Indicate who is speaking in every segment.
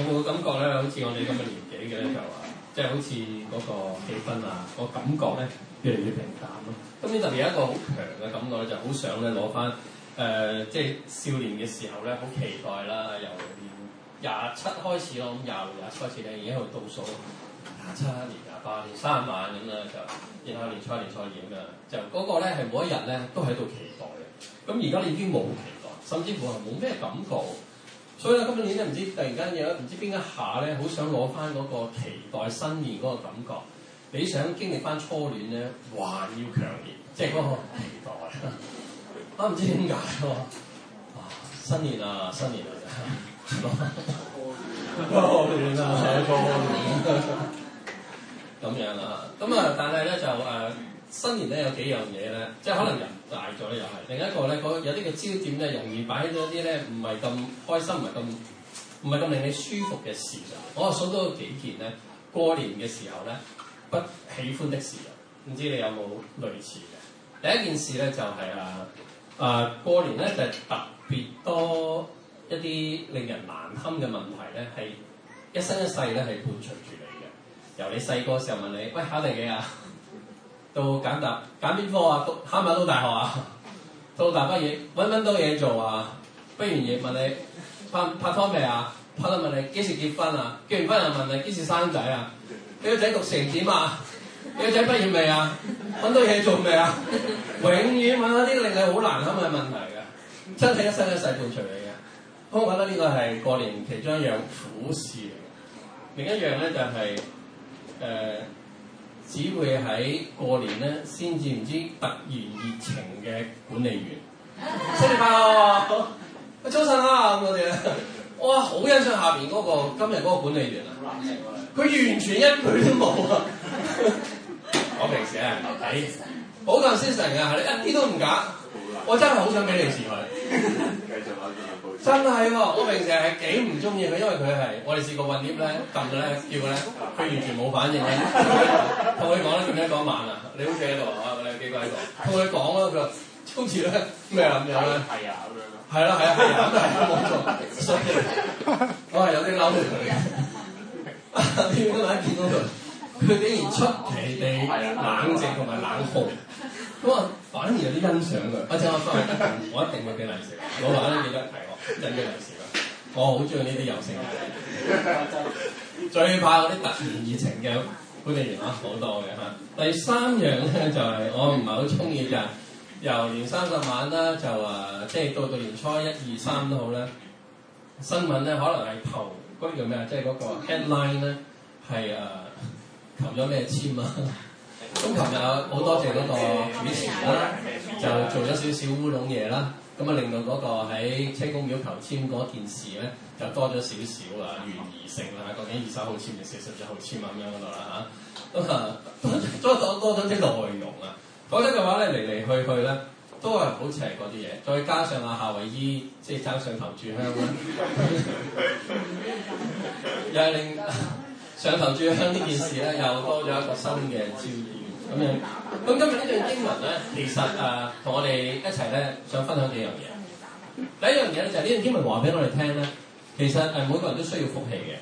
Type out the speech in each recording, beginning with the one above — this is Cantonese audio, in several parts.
Speaker 1: 有冇感覺咧？好似我哋咁嘅年紀嘅咧，就話即係好似嗰個氣氛啊，個感覺咧越嚟越平淡咯。今年特別有一個好強嘅感覺咧，就好想咧攞翻誒，即係少年嘅時候咧，好期待啦。由廿七開始咯，咁廿六、廿七開始咧，已經喺度倒數廿七年、廿八年、卅晚咁啦，就然後年初一年初二咁啊。就嗰個咧係每一日咧都喺度期待嘅。咁而家已經冇期待，甚至乎係冇咩感覺。所以咧，今年咧唔知突然間有唔知邊一下咧，好想攞翻嗰個期待新年嗰個感覺，你想經歷翻初戀咧，還要強烈，即係嗰個期待。啊，唔知點解喎？新年啊，新年啊，初戀啊，初戀咁樣啊。咁啊，但係咧就誒。新年咧有幾樣嘢咧，即係可能人大咗咧又係，嗯、另一個咧、嗰個、有啲嘅焦點咧，容易擺咗啲咧唔係咁開心，唔係咁唔係咁令你舒服嘅事啊！我又數到幾件咧，過年嘅時候咧，不喜歡的事啊，唔知你有冇類似嘅？第一件事咧就係、是、啊啊過年咧就係、特別多一啲令人難堪嘅問題咧，係一生一世咧係伴隨住你嘅，由你細個時候問你喂，考第幾啊？到揀答揀邊科啊？考唔考到大學啊？到大學畢業揾唔揾到嘢做啊？不如完嘢問你拍拍拖未啊？拍啦問你幾時結婚啊？結完婚又問你幾時生仔啊？你個仔讀成點啊？你個仔畢業未啊？揾到嘢做未啊？永遠問呢、啊、啲、呢個、令你好難堪嘅問題嘅、啊，真係一生一世伴隨你嘅。所以我覺得呢個係過年其中一樣苦事嚟嘅。另一樣咧就係、是、誒。呃只會喺過年咧，先至唔知突然熱情嘅管理員。新年快樂！早晨啊我哋！啲、那個，哇！好欣賞下邊嗰個今日嗰個管理員啊，佢完全一句都冇啊！啊 我平時有人留底，好真先生啊，一啲、啊、都唔假，我真係好想俾利是佢！繼續真係喎、啊，我平常係幾唔中意佢，因為佢係我哋試過混捏咧、撳咧、叫佢咧，佢完全冇反應咧。同佢講咧，咁樣講慢啊？你好似喺度啊，我哋有幾個喺度。同佢講啦，佢好似咧咩啊咁樣咧。係啊，咁樣咯。係啦，係啊，係啊，都係冇錯。我係有啲嬲佢嘅，今 日見到佢，佢竟然出奇地冷靜同埋冷酷。咁啊，反而有啲欣賞㗎，阿、 啊、我，我一定會畀利是，老闆都記得提我，真嘅利是。我好中意呢啲油性嘅，最怕嗰啲突然熱情嘅觀眾電話好多嘅嚇、啊。第三樣咧就係、是、我唔係好中意就由年三十晚啦，就誒、啊，即係到到年初一二三都好啦。新聞咧可能係投，嗰啲叫咩啊，即係嗰個 headline 咧係誒求咗咩籤啊。咁琴日好多謝嗰個主持啦，嗯嗯、就做咗少少烏龍嘢啦，咁啊令到個喺車公廟求籤件事咧，就多咗少少啊懸疑性啦，究竟二十號籤定四十一號籤啊，咁樣度啦吓。咁啊多咗多咗啲內容啊，講真嘅話咧嚟嚟去去咧都係好似係啲嘢，再加上阿夏威夷即係爭上頭柱香啦，又係令上頭柱香呢件事咧又多咗一個新嘅焦點。咁樣，咁今日呢段經文咧，其實誒、啊、同我哋一齊咧，想分享幾樣嘢。第一樣嘢咧，就係呢段經文話俾我哋聽咧，其實誒每個人都需要福氣嘅。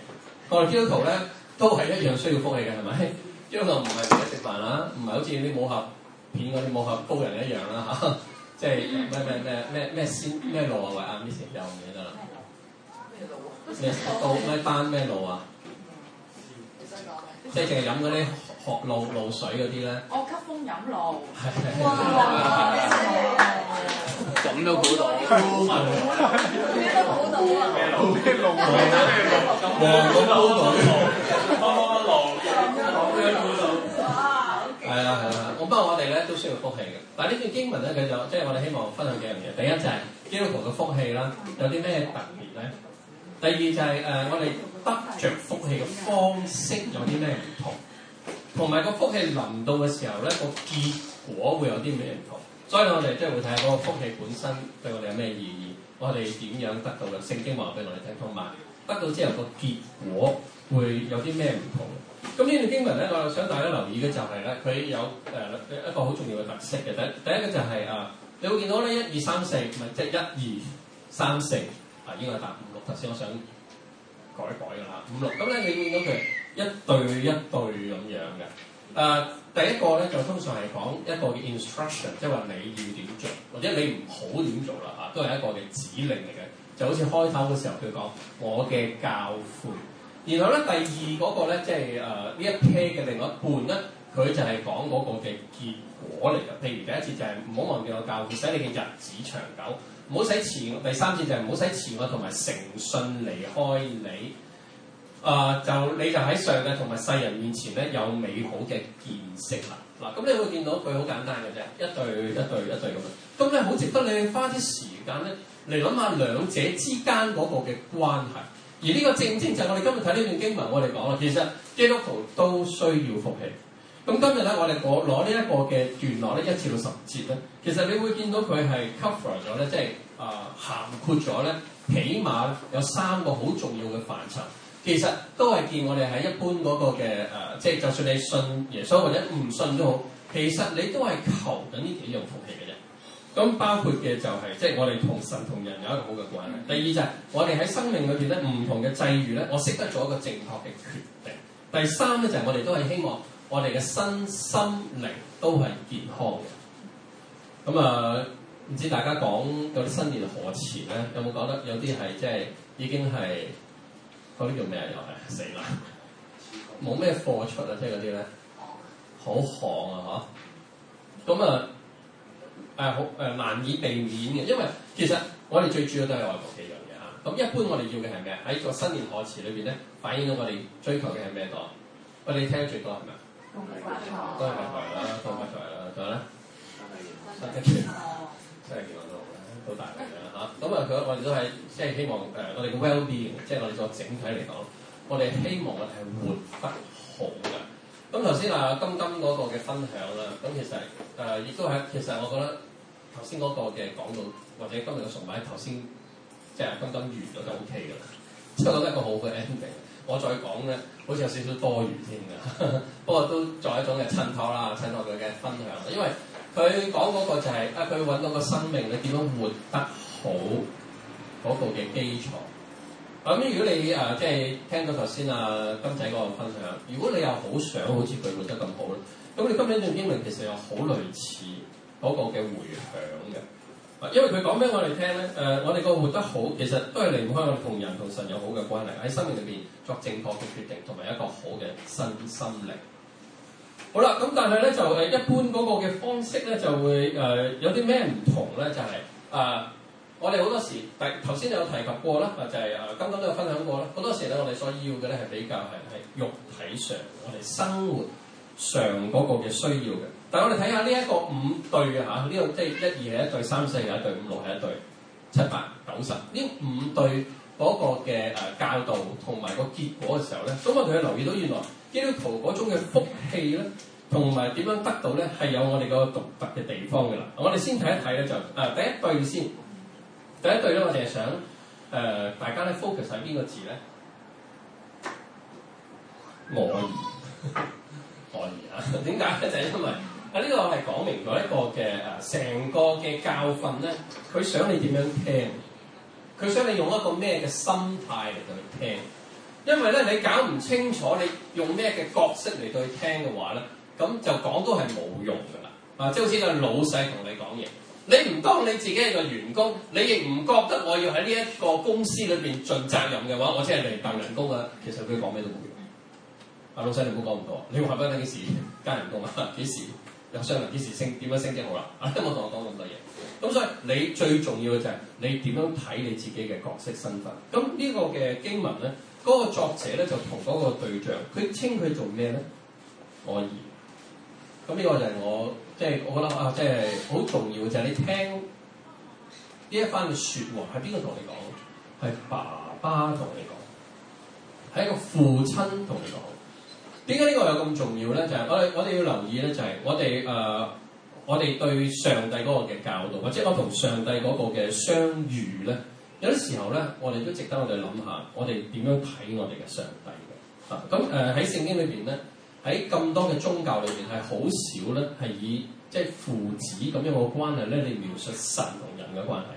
Speaker 1: 我哋基督徒咧都係一樣需要福氣嘅，係、就是 就是啊、咪？呢個唔係為食飯啦，唔係好似啲武俠片嗰啲武俠高人一樣啦嚇。即係咩咩咩咩咩仙咩路啊？喂啊 miss 又唔記得啦。咩道咩丹咩路啊？即係淨係飲嗰啲。Every emente ke ushima 學露露水嗰啲咧，我吸風飲露，哇！咁都估到，咩都估到啊！咩露？咩露？什麼露？什麼露？什麼露？什麼露？什麼露？哇！係啊係啊！我包括我哋咧都需要福氣嘅。但係呢段經文咧，佢就即係我哋希望分享幾樣嘢。第一就係基督徒嘅福氣啦，有啲咩特別咧？第二就係誒我哋得著福氣嘅方式有啲咩唔同？同埋個福氣臨到嘅時候咧，個結果會有啲咩唔同？所以我哋即係會睇下嗰個福氣本身對我哋有咩意義，我哋點樣得到嘅？聖經話俾我哋聽，同埋得到之後個結果會有啲咩唔同？咁呢段經文咧，我想大家留意嘅就係、是、咧，佢有誒一個好重要嘅特色嘅。第第一個就係、是、啊，你會見到咧，一二三四，唔係即係一二三四啊，應該答五六，頭先我想改改㗎啦，五六。咁咧，你見到佢。一對一對咁樣嘅，誒、呃、第一個咧就通常係講一個嘅 instruction，即係話你要點做，或者你唔好點做啦嚇、啊，都係一個嘅指令嚟嘅，就好似開頭嘅時候佢講我嘅教訓。然後咧第二嗰個咧，即係誒呢一 pair 嘅另外一半咧，佢就係講嗰個嘅結果嚟嘅。譬如第一次就係唔好忘記我教訓，使你嘅日子長久，唔好使慈；第三次就係唔好使慈愛同埋誠信離開你，啊、呃！就你就喺上帝同埋世人面前咧，有美好嘅見識啦。嗱、啊，咁你會見到佢好簡單嘅啫，一對一對一對咁樣。咁、嗯、咧，好值得你花啲時間咧嚟諗下兩者之間嗰個嘅關係。而呢個正正就係我哋今日睇呢段經文，我哋講啦，其實基督徒都需要福氣。咁、嗯、今日咧，我哋攞攞呢一個嘅段落咧，一至到十節咧，其實你會見到佢係 cover 咗咧，即係啊涵括咗咧，起碼有三個好重要嘅範疇。其實都係見我哋喺一般嗰個嘅誒，即、呃、係、就是、就算你信耶穌或者唔信都好，其實你都係求緊呢幾樣福氣嘅啫。咁包括嘅就係、是，即、就、係、是、我哋同神同人有一個好嘅關係。第二就係、是、我哋喺生命裏邊咧，唔同嘅際遇咧，我識得做一個正確嘅決定。第三咧就係我哋都係希望我哋嘅身心靈都係健康嘅。咁啊，唔、呃、知大家講嗰啲新年賀詞咧，有冇覺得有啲係即係已經係。嗰啲叫咩啊？又係死啦！冇咩貨出啊，即係嗰啲咧，好寒啊嚇。咁啊，誒好誒難以避免嘅，因為其實我哋最主要都係外國企業嘅嚇。咁一般我哋要嘅係咩？喺個新年賀詞裏邊咧，反映到我哋追求嘅係咩多？喂，你聽得最多係咪？都係財啦，都係財啦，仲有咧？好大力嘅嚇，咁啊佢我哋都係即係希望誒、呃，我哋嘅 well being，即係我哋作整體嚟講，我哋希望我係活得好嘅。咁頭先啊金金嗰個嘅分享啦，咁其實誒亦、呃、都係其實我覺得頭先嗰個嘅講到或者今日嘅崇拜頭先，即係金金完咗就 O K 㗎啦，即係覺得一個好嘅 ending。我再講咧，好似有少少多餘添嘅，不過都作為一種嘅襯托啦，襯托佢嘅分享，因為。佢講嗰個就係、是、啊，佢揾到個生命你點樣活得好嗰、那個嘅基礎。咁、啊、如果你誒即係聽到頭先啊金仔嗰個分享，如果你又想好想好似佢活得咁好咧，咁你今日呢段經歷其實又好類似嗰個嘅回響嘅、啊。因為佢講俾我哋聽咧，誒、啊、我哋個活得好其實都係離唔開我哋同人同神有好嘅關係，喺生命裏邊作正確嘅決定同埋一個好嘅新心靈。好啦，咁但係咧就誒一般嗰個嘅方式咧就會誒、呃、有啲咩唔同咧？就係、是、啊、呃，我哋好多時，頭先有提及過啦，或者係啊，今今都有分享過啦。好多時咧，我哋所要嘅咧係比較係係肉體上，我哋生活上嗰個嘅需要嘅。但我哋睇下呢一個五對嘅嚇，呢、啊這個即係、就是、一二係一對，三四係一對，五六係一對，七八九十呢五對嗰個嘅誒、啊、教導同埋個結果嘅時候咧，咁我哋留意到原來。基督徒嗰種嘅福氣咧，同埋點樣得到咧，係有我哋個獨特嘅地方嘅啦。我哋先睇一睇咧，就啊、呃、第一對先，第一對咧，我淨係想誒、呃、大家咧 focus 喺邊個字咧？我兒，我 兒啊，點解咧？就係、因為啊呢、這個係講明咗一個嘅誒成個嘅教訓咧，佢想你點樣聽，佢想你用一個咩嘅心態嚟去聽。因為咧，你搞唔清楚你用咩嘅角色嚟對聽嘅話咧，咁就講都係冇用噶啦。啊，即係好似個老細同你講嘢，你唔當你自己係個員工，你亦唔覺得我要喺呢一個公司裏邊盡責任嘅話，我只係嚟賺人工啊。其實佢講咩都冇用。啊，老細你唔好講咁多，你話俾我幾時加人工啊？幾時有商量？幾時升？點樣升職好啦？啊，唔好同我講咁多嘢。咁所以你最重要嘅就係你點樣睇你自己嘅角色身份。咁呢個嘅經文咧。嗰個作者咧就同嗰個對象，佢稱佢做咩咧？我兒。咁呢個就係我，即係我覺得啊，即係好重要嘅就係你聽呢一番嘅説話係邊個同你講？係爸爸同你講，係一個父親同你講。點解呢個有咁重要咧？就係我哋我哋要留意咧，就係我哋誒，我哋對上帝嗰個嘅教導，或者我同上帝嗰個嘅相遇咧。有時候咧，我哋都值得我哋諗下，我哋點樣睇我哋嘅上帝嘅？啊，咁誒喺聖經裏邊咧，喺咁多嘅宗教裏邊係好少咧，係以即係、就是、父子咁樣嘅關係咧，你描述神同人嘅關係，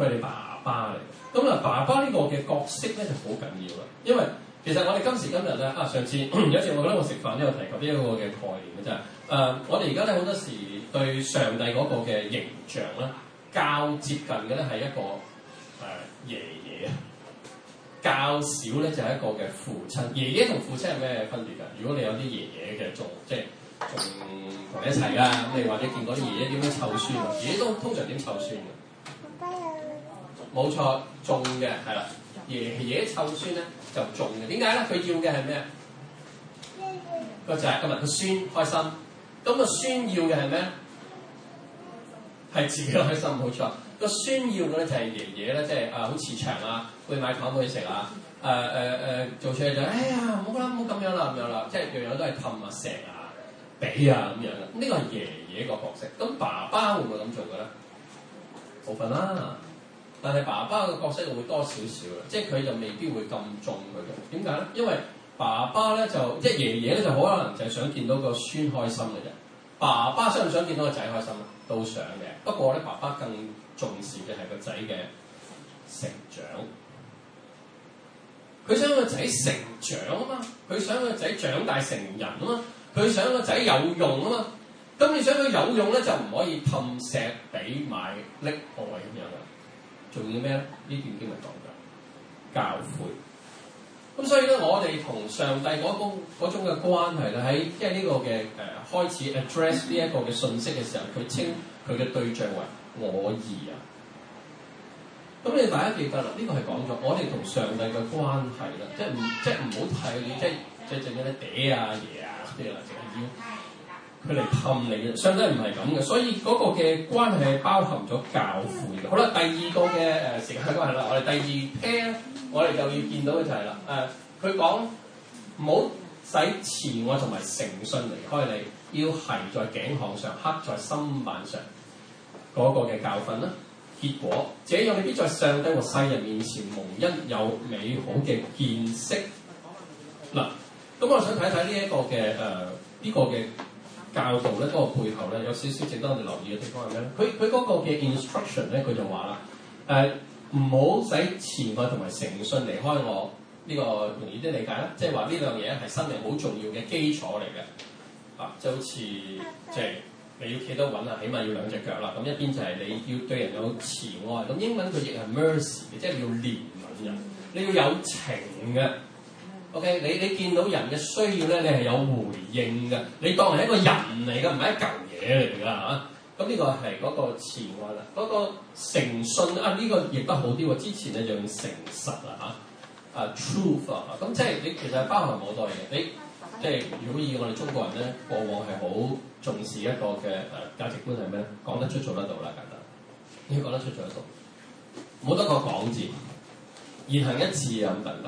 Speaker 1: 佢係爸爸嚟。咁啊，爸爸呢個嘅角色咧就好緊要啦，因為其實我哋今時今日咧，啊上次 有次我覺得我食飯都有提及呢一個嘅概念嘅，就係誒，我哋而家咧好多時對上帝嗰個嘅形象咧。較接近嘅咧係一個誒爺爺啊，較少咧就係一個嘅父親。爺爺同父親係咩分別㗎？如果你有啲爺爺嘅仲即係仲同你一齊啊，咁你或者見到啲爺爺點樣湊孫啊？爺爺都通常點湊孫啊？冇錯，種嘅係啦，爺爺湊孫咧就種嘅。點解咧？佢要嘅係咩啊？就係今日個孫開心，咁個孫要嘅係咩？係自己開心冇錯，個孫要嘅咧就係爺爺咧，即係啊好慈祥啊，去買糖去、啊呃呃哎啊、食啊，誒誒誒做錯就，哎呀唔好啦唔好咁樣啦咁樣啦，即係樣樣都係氹啊錫啊俾啊咁樣嘅，呢個係爺爺個角色。咁爸爸會唔會咁做嘅咧？部分啦、啊，但係爸爸個角色就會多少少嘅，即係佢就未必會咁重佢。點解咧？因為爸爸咧就即係爺爺咧就好可能就係想見到個孫開心嘅啫。爸爸想唔想見到個仔開心咧？都想嘅。不過咧，爸爸更重視嘅係個仔嘅成長。佢想個仔成長啊嘛，佢想個仔長大成人啊嘛，佢想個仔有用啊嘛。咁你想佢有用咧，就唔可以氹錫俾埋溺愛咁樣嘅。仲要咩咧？呢段經文講咗教誨。咁所以咧，我哋同上帝嗰種嘅關係咧，喺即係呢個嘅誒開始 address 呢一個嘅信息嘅時候，佢稱佢嘅對象為我兒啊。咁你大家記得啦，呢、呢個係講咗我哋同上帝嘅關係啦，即係唔即係唔好提你，即即係剩低嗲啊、爺、就、啊、是，即係啦，整下腰。佢嚟氹你嘅，上帝唔係咁嘅，所以嗰個嘅關係係包含咗教訓。好啦，第二個嘅、呃、時間關係啦，我哋第二篇，我哋就要見到嘅就係、是、啦。誒、呃，佢講唔好使慈愛同埋誠信離開你，要係在頸項上刻在心板上嗰、那個嘅教訓啦。結果這樣，你必在上帝和世人面前無一有美好嘅見識嗱？咁我想睇睇呢一個嘅誒呢個嘅。教導咧，嗰、那個背後咧有少少值得我哋留意嘅地方係咩咧？佢，佢嗰個嘅 instruction 咧，佢就話啦，誒唔好使慈愛同埋誠信離開我呢，這個容易啲理解啦，即係話呢兩樣嘢係生命好重要嘅基礎嚟嘅，啊，即係好似即係你要企得穩啊，起碼要兩隻腳啦，咁一邊就係你要對人有慈愛，咁英文佢亦係 mercy 嘅，即係要憐憫人，你要有情嘅。OK，你你見到人嘅需要咧，你係有回應㗎。你當係一個人嚟㗎，唔係一嚿嘢嚟㗎嚇。咁、啊、呢個係嗰個前話啦。嗰、那個誠信啊，呢、這個亦都好啲喎。之前咧就用誠實啦嚇，啊、uh, truth 咁、啊、即係你其實包含好多嘢。你，即係如果以我哋中國人咧，過往係好重視一個嘅價、啊、值觀係咩？講得出做得到啦，簡單。你講得出做得到，冇得個講字，言行一致啊咁得唔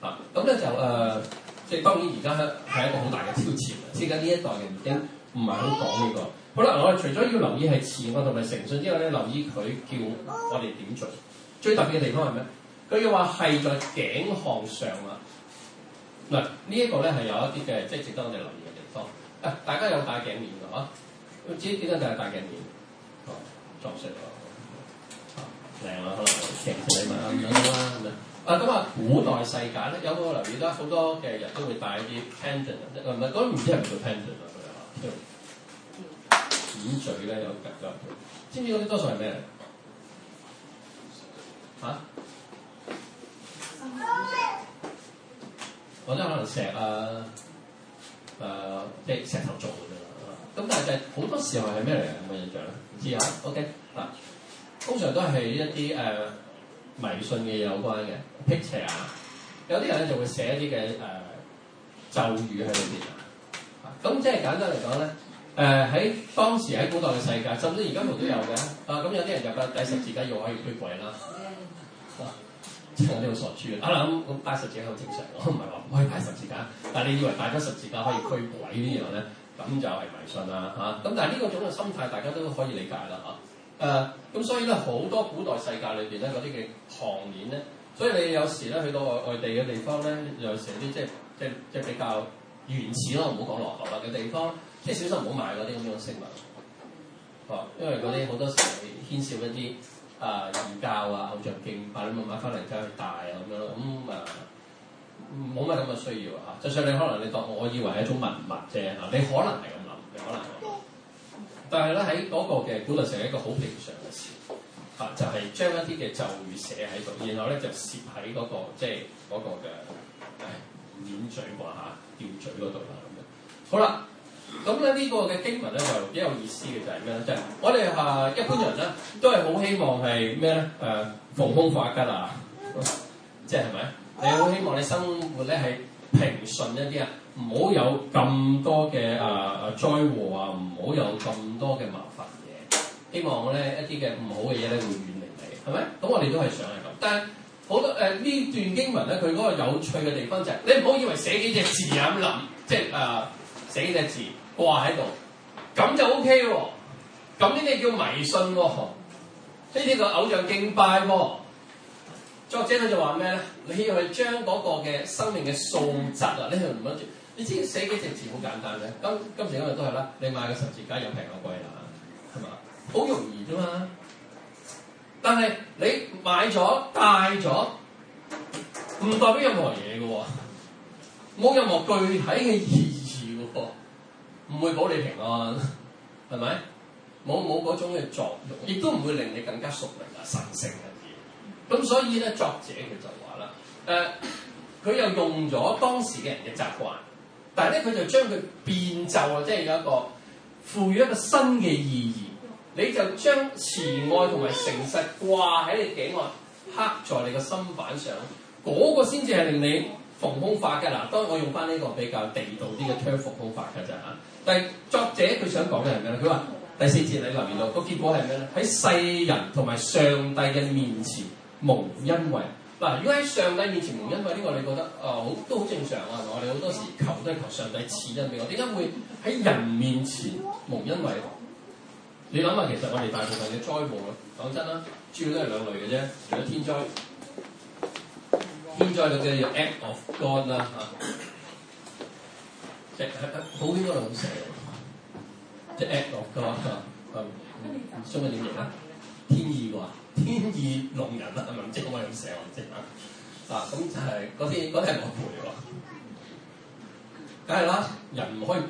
Speaker 1: 啊，咁咧就誒、呃，即係當然而家係係一個好大嘅挑戰啦。而家呢一代人已經唔係好講呢個。好啦，我哋除咗要留意係慈愛同埋誠信之外咧，留意佢叫我哋點做。最特別嘅地方係咩？佢要話係在頸項上啊。嗱，這個、呢一個咧係有一啲嘅，即係值得我哋留意嘅地方。啊，大家有戴頸鍊嘅嗬？知唔知點解就係戴頸鍊？哦、啊，撞碎咗。好，嚟啦，佢話頸鍊啊，唔得啦。啊咁啊，古代世界咧，有冇留意咧？好多嘅人都會戴一啲 pendant，唔係嗰啲唔知係唔叫 pendant 啊？佢啊、嗯，演嘴咧有入咗，知唔知嗰啲多數係咩啊？我覺得可能石啊，誒、啊，即係石頭做嘅啫。咁、啊、但係就好多時候係咩嚟嘅？有冇印象咧？知啊？OK，嗱、啊，通常都係一啲誒。呃迷信嘅有關嘅 p i c t 辟邪啊，有啲人咧就會寫一啲嘅誒咒語喺裏邊啊。咁即係簡單嚟講咧，誒、啊、喺當時喺古代嘅世界，甚至而家仲都有嘅啊。咁有啲人入咗第十字架，又可以驅鬼啦。即係我呢個傻豬。啊啦，咁咁擺十字架好正常，我唔係話唔可以擺十字架。但係你以為擺咗十字架可以驅鬼呢樣咧？咁就係迷信啦嚇。咁、啊啊、但係呢個種嘅心態，大家都可以理解啦嚇。啊。誒，咁、uh, 所以咧好多古代世界裏邊咧嗰啲嘅項鍊咧，所以你有時咧去到外外地嘅地方咧，有時有啲即係即係即係比較原始咯，唔好講落後啦嘅地方，即係小心唔好買嗰啲咁樣嘅飾物，哦、啊，因為嗰啲好多時係牽涉一啲誒異教啊、偶像敬拜，你咪買翻嚟走去戴啊咁樣，咁誒冇乜咁嘅需要啊，就算你可能你當我以為係一種文物啫嚇，你可能係咁諗嘅，你可能。但係咧喺嗰個嘅古代成係一個好平常嘅事，嚇、啊、就係、是、將一啲嘅咒語寫喺度，然後咧就攝喺嗰個即係嗰個嘅唸、哎、嘴啩嚇吊嘴嗰度啊咁樣。好啦，咁咧呢個嘅經文咧，就又幾有意思嘅就係咩咧？就係、是就是、我哋啊一般人咧都係好希望係咩咧？誒逢凶化吉啦、啊，即係係咪？你好希望你生活咧係平順一啲啊？唔好有咁多嘅啊啊災禍啊，唔好有咁多嘅麻煩嘢。希望咧一啲嘅唔好嘅嘢咧會遠離你，係咪？咁我哋都係想係咁。但係好多誒呢、呃、段經文咧，佢嗰個有趣嘅地方就係、是、你唔好以為寫幾隻字啊咁諗，即係啊寫幾隻字掛喺度，咁就 OK 喎。咁呢啲叫迷信喎、哦，呢啲叫偶像敬拜喎、哦。作者佢就話咩咧？你要去將嗰個嘅生命嘅素質啊，呢樣唔得。你知寫幾隻字好簡單嘅，今今時今日都係啦。你買個十字架又平又貴啦，係嘛？好容易啫嘛。但係你買咗戴咗，唔代表任何嘢嘅喎，冇任何具體嘅意義喎，唔會保你平安，係咪？冇冇嗰種嘅作用，亦都唔會令你更加聰明啊、神聖啊啲嘢。咁所以咧，作者佢就話啦，誒、呃，佢又用咗當時嘅人嘅習慣。但係咧，佢就將佢變奏啊，即係有一個賦予一個新嘅意義。你就將慈愛同埋誠實掛喺你頸上，刻在你個心板上，嗰、那個先至係令你逢凶化吉嘅嗱。當然我用翻呢個比較地道啲嘅 term 逢凶化吉㗎啫嚇。但係作者佢想講嘅係咩咧？佢話第四節，你留意到個結果係咩咧？喺世人同埋上帝嘅面前蒙恩惠。嗱，如果喺上帝面前蒙恩惠呢、這個，你覺得啊，好、呃、都好正常啊。我哋好多時求都係求上帝賜恩俾我。點解會喺人面前蒙恩惠？你諗下，其實我哋大部分嘅災禍，講真啦，主要都係兩類嘅啫，除咗天災，天災就有 act of God 啦嚇，即係普遍都係咁寫即係 act of God 啊，咁相關點譯啊？天意啩？天意弄人啊，係咪？唔知可唔可以咁寫，我唔知啊，啊咁就係嗰啲嗰啲係我賠喎，梗係啦，人唔可以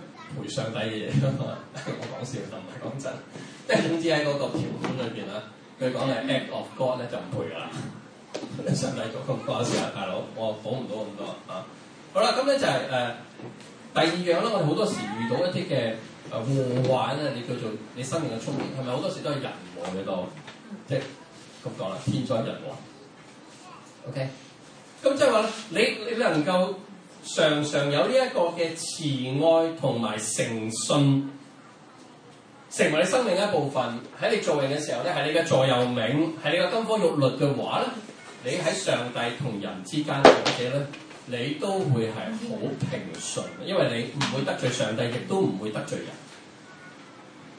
Speaker 1: 賠上帝嘅嘢噶嘛，我講笑就唔係講真，即係總之喺嗰個條款裏邊啦，佢講係 act of God 呢就唔賠噶啦。上帝咁關事啊，大佬，我講唔到咁多啊。好啦，咁咧就係、是、誒、呃、第二樣啦，我哋好多時遇到一啲嘅誒禍患咧，你叫做你生命嘅衝擊，係咪好多時都係人禍嘅多，即係？咁講啦，天災人禍 OK，咁即係話咧，你你能夠常常有呢一個嘅慈愛同埋誠信，成為你生命一部分喺你做人嘅時候咧，係你嘅座右銘，係你嘅金科玉律嘅話咧，你喺上帝同人之間做嘢咧，你都會係好平順，因為你唔會得罪上帝，亦都唔會得罪人。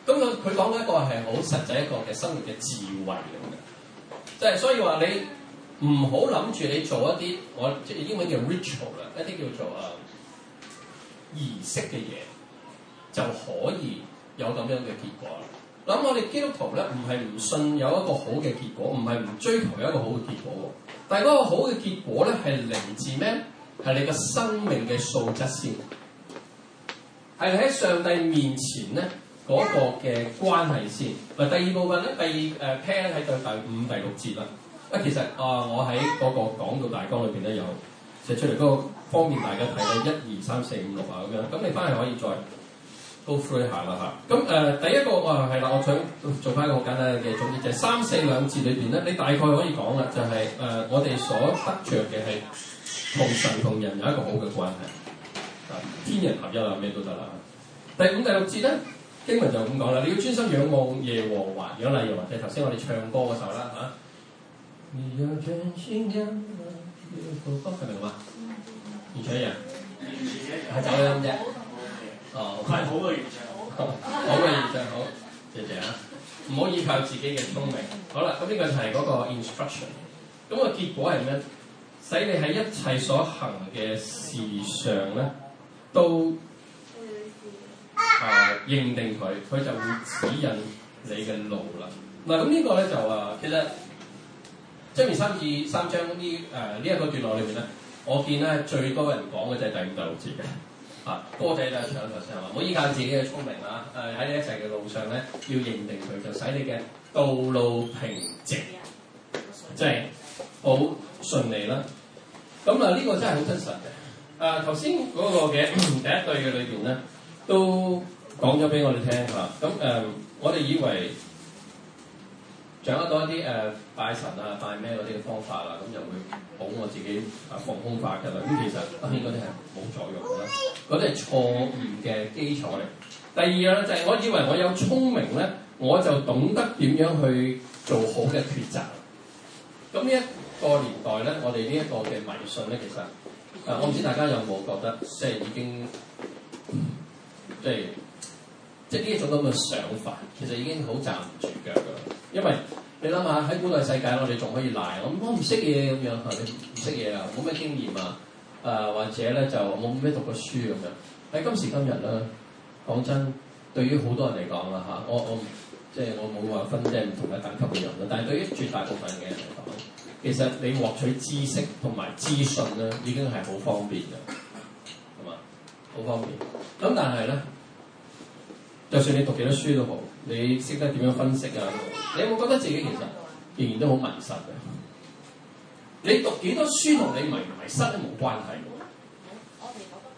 Speaker 1: 咁佢講嘅一個係好實際一個嘅生活嘅智慧。即係所以話你唔好諗住你做一啲我即係英文叫 ritual 啦，一啲叫做誒、啊、儀式嘅嘢就可以有咁樣嘅結果啦。咁我哋基督徒咧唔係唔信有一個好嘅結果，唔係唔追求有一個好嘅結果。但係嗰個好嘅結果咧係嚟自咩？係你嘅生命嘅素質先，係喺上帝面前咧。嗰個嘅關係先。嗱，第二部分咧，第二誒 plan 喺對第五、第六節啦。啊，其實啊、呃，我喺嗰個講道大綱裏邊咧，有寫出嚟嗰個方便大家睇咧，一二三四五六啊咁樣。咁你翻去可以再 go through 一下啦，嚇。咁誒，第一個我係、啊、啦，我想做翻一個好簡單嘅總結，就係、是、三四兩節裏邊咧，你大概可以講啦，就係、是、誒、呃，我哋所得着嘅係同神同人有一個好嘅關係，啊，天人合一啊，咩都得啦、啊。第五、第六節咧。英文就咁講啦，你要專心仰望耶和華。如果耶和華，即係頭先我哋唱歌嘅時候啦嚇。係咪嘛？現場，係走音啫。哦，係好嘅現場，好嘅現場，好，謝謝啊！唔好依靠自己嘅聰明。好啦，咁呢個就係嗰個 instruction。咁個結果係咩？使你喺一切所行嘅事上咧，都。誒、啊、認定佢，佢就會指引你嘅路啦。嗱、啊，咁呢個咧就啊，其實《箴言三二三章》呢誒呢一個段落裏邊咧，我見咧最多人講嘅就係第五、第六節嘅啊。哥仔咧唱就係話：唔好依靠自己嘅聰明啦、啊，誒喺呢一切嘅路上咧，要認定佢，就使你嘅道路平直，即係好順利啦。咁啊，呢、呢個真係好真實嘅。誒頭先嗰個嘅第一對嘅裏邊咧。都講咗俾我哋聽吓，咁誒、呃，我哋以為掌握到一啲誒、呃、拜神啊、拜咩嗰啲嘅方法啦、啊，咁就會保我自己啊防空化嘅啦。咁其實當然嗰啲係冇作用嘅，嗰啲係錯誤嘅基礎嚟。第二樣咧就係、是、我以為我有聰明咧，我就懂得點樣去做好嘅抉擇。咁呢一個年代咧，我哋呢一個嘅迷信咧，其實誒、呃，我唔知大家有冇覺得即係已經。即係即係呢一種咁嘅想法，其實已經好站唔住腳噶。因為你諗下喺古代世界我，我哋仲可以賴我，我唔識嘢咁樣嚇，你唔識嘢啊，冇咩經驗啊，誒、呃、或者咧就冇咩讀過書咁樣。喺、哎、今時今日咧，講真，對於好多人嚟講啦嚇，我我即係我冇話分即係唔同嘅等級嘅人咯。但係對於絕大部分嘅人嚟講，其實你獲取知識同埋資訊咧，已經係好方便嘅。好方便，咁但係咧，就算你讀幾多書都好，你識得點樣分析啊？你有冇覺得自己其實仍然都好迷失嘅、啊？你讀幾多書同你迷唔迷失都冇關係嘅、啊。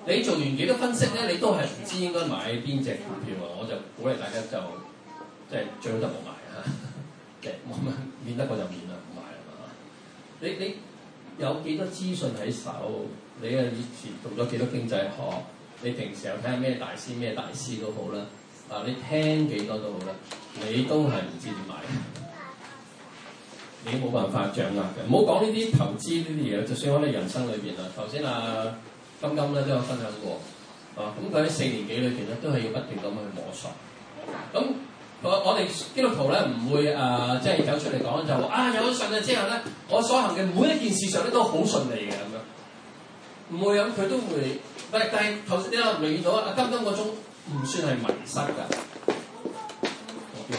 Speaker 1: 你做完幾多分析咧，你都係唔知應該買邊隻股票啊？我就鼓勵大家就即係最好就冇、是、買吓、啊，即係冇免得我就免啦、啊，唔買啦嘛。你你有幾多資訊喺手？你啊以前讀咗幾多經濟學？你平時又睇下咩大師，咩大師都好啦。啊，你聽幾多都好啦，你都係唔知點買，你冇辦法掌握嘅。唔好講呢啲投資呢啲嘢，就算我哋人生裏邊啊，頭先啊金金咧都有分享過啊。咁佢喺四年幾裏邊咧，都係要不斷咁樣去摸索。咁我哋基督徒咧唔會啊，即係走出嚟講就話啊，有咗信啊之後咧，我所行嘅每一件事上咧都好順利嘅咁樣。唔會咁，佢都會，但但係頭先你又留意到剛種那那種啊，金金嗰種唔算係迷失㗎，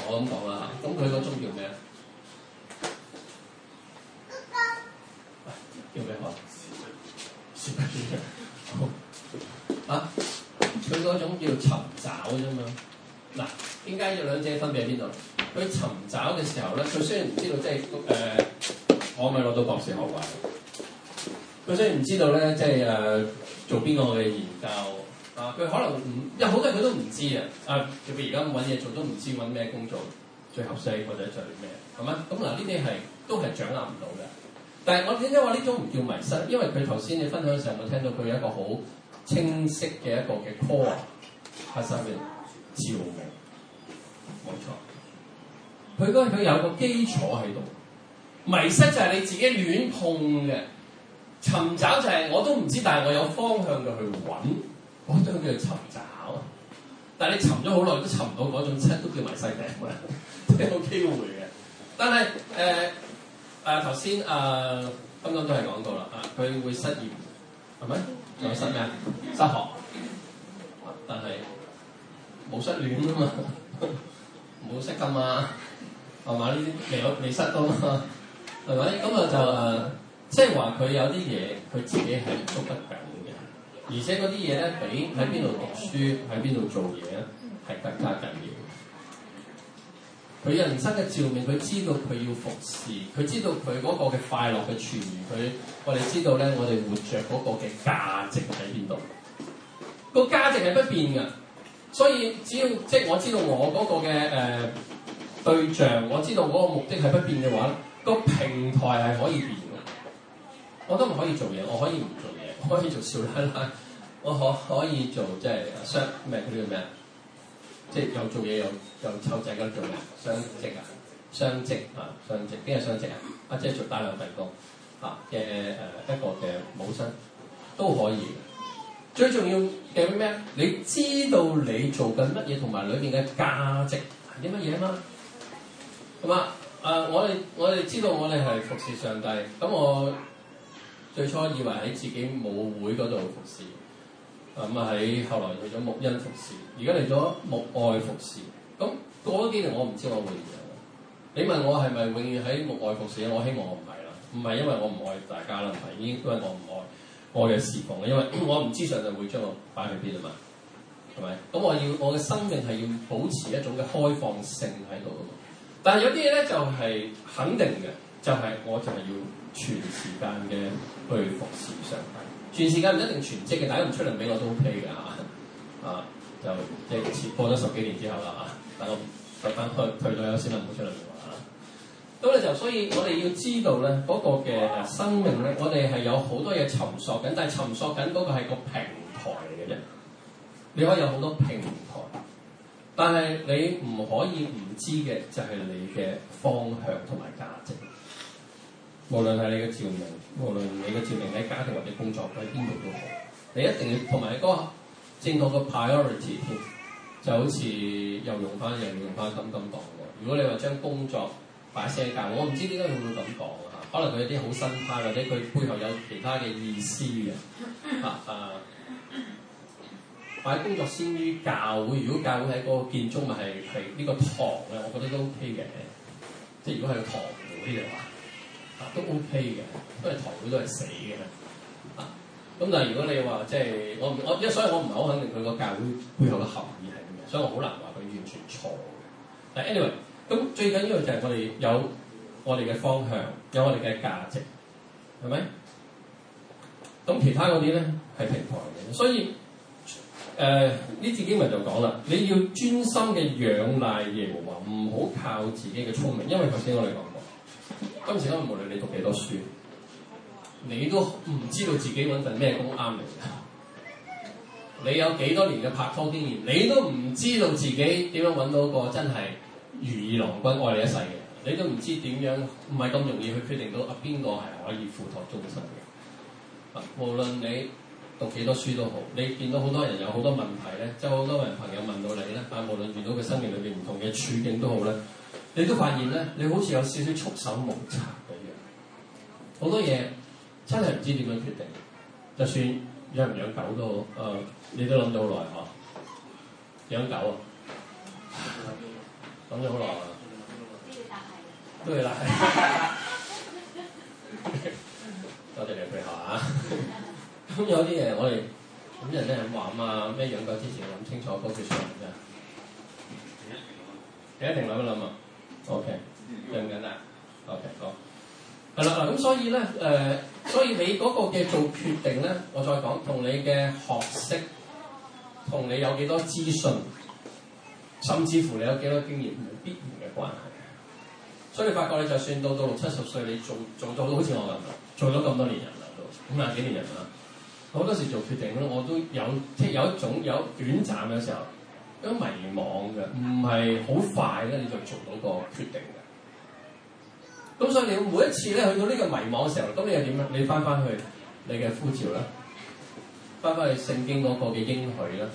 Speaker 1: 我咁講啦，咁佢嗰種叫咩啊？哥哥，叫咩學？攝影，好啊，佢嗰種叫尋找啫嘛。嗱、啊，點解要兩者分別喺邊度？佢尋找嘅時候咧，佢雖然唔知道即係誒、呃，我可唔可以攞到博士學位？佢真係唔知道咧，即係誒、呃、做邊個嘅研究啊？佢可能唔有好多人佢都唔知啊！啊，特別而家揾嘢做都唔知揾咩工作，工作最合適或者最咩，係咪？咁嗱，呢啲係都係掌握唔到嘅。但係我點解話呢種唔叫迷失？因為佢頭先你分享嘅時候，我聽到佢有一個好清晰嘅一個嘅 call 核心，冇錯。佢嗰佢有個基礎喺度，迷失就係你自己亂碰嘅。尋找就係、是、我都唔知，但係我有方向嘅去揾，我覺得佢叫尋找。但係你尋咗好耐都尋唔到嗰種車，都叫埋西命啦，都有機會嘅。但係誒誒頭先誒啱啱都係講到啦，啊佢會失業係咪？仲有失命？失學，但係冇失戀啊嘛，冇失禁嘛？係咪？呢啲未未失到嘛？係咪？咁啊就誒。即係話佢有啲嘢佢自己係捉得緊嘅，而且啲嘢咧，比喺邊度讀書，喺邊度做嘢咧係更加緊要。佢人生嘅照明，佢知道佢要服侍，佢知道佢嗰個嘅快樂嘅來源，佢我哋知道咧，我哋活着嗰個嘅價值喺邊度，個價值係不變嘅。所以只要即係我知道我嗰個嘅誒、呃、對象，我知道嗰個目的係不變嘅話，個平台係可以變。我都唔可以做嘢，我可以唔做嘢，我可以做少奶奶，我可可以做即係雙，咩、就是？嗰啲叫咩啊？即係有做嘢，有有湊仔咁做咩？雙職啊，雙職啊，雙職邊個雙職啊？阿、啊、姐、就是、做大量份工嚇嘅誒一個嘅母親都可以。最重要嘅咩，你知道你做緊乜嘢同埋裏邊嘅價值係啲乜嘢嘛？咁啊誒、啊，我哋我哋知道我哋係服侍上帝咁我。最初以為喺自己母會嗰度服、嗯、服侍，咁啊喺後來去咗木恩服侍，而家嚟咗木愛服侍。咁過咗幾年，我唔知我會唔會。你問我係咪永遠喺木愛服侍？我希望我唔係啦，唔係因為我唔愛大家啦，唔係已經，因為我唔愛我嘅侍奉，因為 我唔知上帝會將我擺去邊啊嘛，係咪？咁我要我嘅生命係要保持一種嘅開放性喺度。但係有啲嘢咧就係、是、肯定嘅，就係、是、我就係要。全時間嘅去服侍上帝，全時間唔一定全職嘅，大家唔出糧俾我都 OK 嘅嚇，啊就即係前過咗十幾年之後啦嚇、啊，等我等翻佢退咗休先，咪唔好出嚟講啦。咁咧就，所以我哋要知道咧嗰、嗰個嘅生命咧，我哋係有好多嘢尋索緊，但係尋索緊嗰個係個平台嚟嘅啫。你可以有好多平台，但係你唔可以唔知嘅就係你嘅方向同埋價值。無論係你嘅照明，無論你嘅照明喺家庭或者工作，佢喺邊度都好，你一定要同埋嗰個正確嘅 priority。就好似又用翻，又用翻，咁咁講喎。如果你話將工作擺先教，我唔知點解佢會咁講啊，可能佢有啲好新派，或者佢背後有其他嘅意思嘅 啊，啊。擺工作先於教會，如果教會喺嗰個建築物係係呢個堂咧，我覺得都 OK 嘅。即係如果係個堂會嘅話。啊、都 OK 嘅，因為堂會都係死嘅，啊咁但係如果你話即係我我因所以，我唔係好肯定佢個教會背後嘅含義係點嘅，所以我好難話佢完全錯嘅。但係 anyway，咁最緊要就係我哋有我哋嘅方向，有我哋嘅價值，係咪？咁其他嗰啲咧係平台嘅，所以誒呢節經文就講啦，你要專心嘅仰賴耶和華，唔好靠自己嘅聰明，因為頭先我哋講。今時今日，無論你讀幾多書，你都唔知道自己揾份咩工啱你。你有幾多年嘅拍拖經驗，你都唔知道自己點樣揾到個真係如意郎君愛你一世嘅。你都唔知點樣，唔係咁容易去決定到啊邊個係可以付託終身嘅。無論你讀幾多書都好，你見到好多人有好多問題咧，即係好多人朋友問到你咧，但係、啊無論遇到佢生命裏面唔同嘅處境都好咧。你都發現咧，你好似有少少束手無策咁樣，好多嘢真係唔知點樣決定。就算養唔養狗都好，誒、呃，你都諗咗好耐嚇。養狗啊，諗咗好耐啊。都要但係，多謝你配合啊。咁有啲嘢我哋咁啲人咧話啊嘛，咩養狗之前諗清楚決、講清楚先啊。你一定諗一諗啊。O K. 用緊啦。O K. 好。係、嗯、啦，嗱、嗯、咁所以咧，誒、呃，所以你嗰個嘅做決定咧，我再講，同你嘅學識，同你有幾多資訊，甚至乎你有幾多經驗，無必然嘅關係。所以你發覺你就算到到六七十歲，你做做，做到好似我咁，做咗咁多年人啦，都五廿幾年人啦，好多時做決定咧，我都有即係有一種有短暫嘅時候。都迷惘嘅，唔係好快咧，你就做到個決定嘅。咁所以你每一次咧去到呢個迷惘嘅時候，咁你又點咧？你翻翻去你嘅呼召啦，翻翻去聖經嗰個嘅應許啦，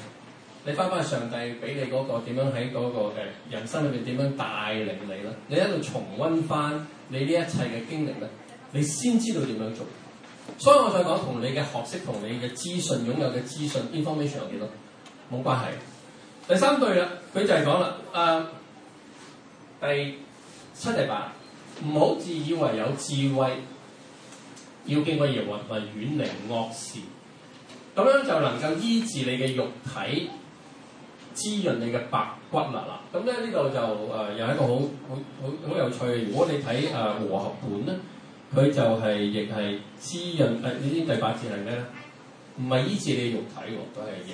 Speaker 1: 你翻翻去上帝俾你嗰個點樣喺嗰個誒人生裏邊點樣帶領你啦。你喺度重溫翻你呢一切嘅經歷咧，你先知道點樣做。所以我再講，同你嘅學識同你嘅資訊，擁有嘅資訊 information 有幾多冇關係。第三句啦，佢就係講啦，誒、呃、第七第八，唔好自以為有智慧，要敬畏耶和華同埋遠離惡事，咁樣就能夠醫治你嘅肉體，滋潤你嘅白骨啦。咁咧呢度就誒又係一個好好好好有趣嘅。如果你睇誒、呃、和合本咧，佢就係、是、亦係滋潤誒呢啲第八字係咩咧？唔係醫治你嘅肉體喎，都係亦。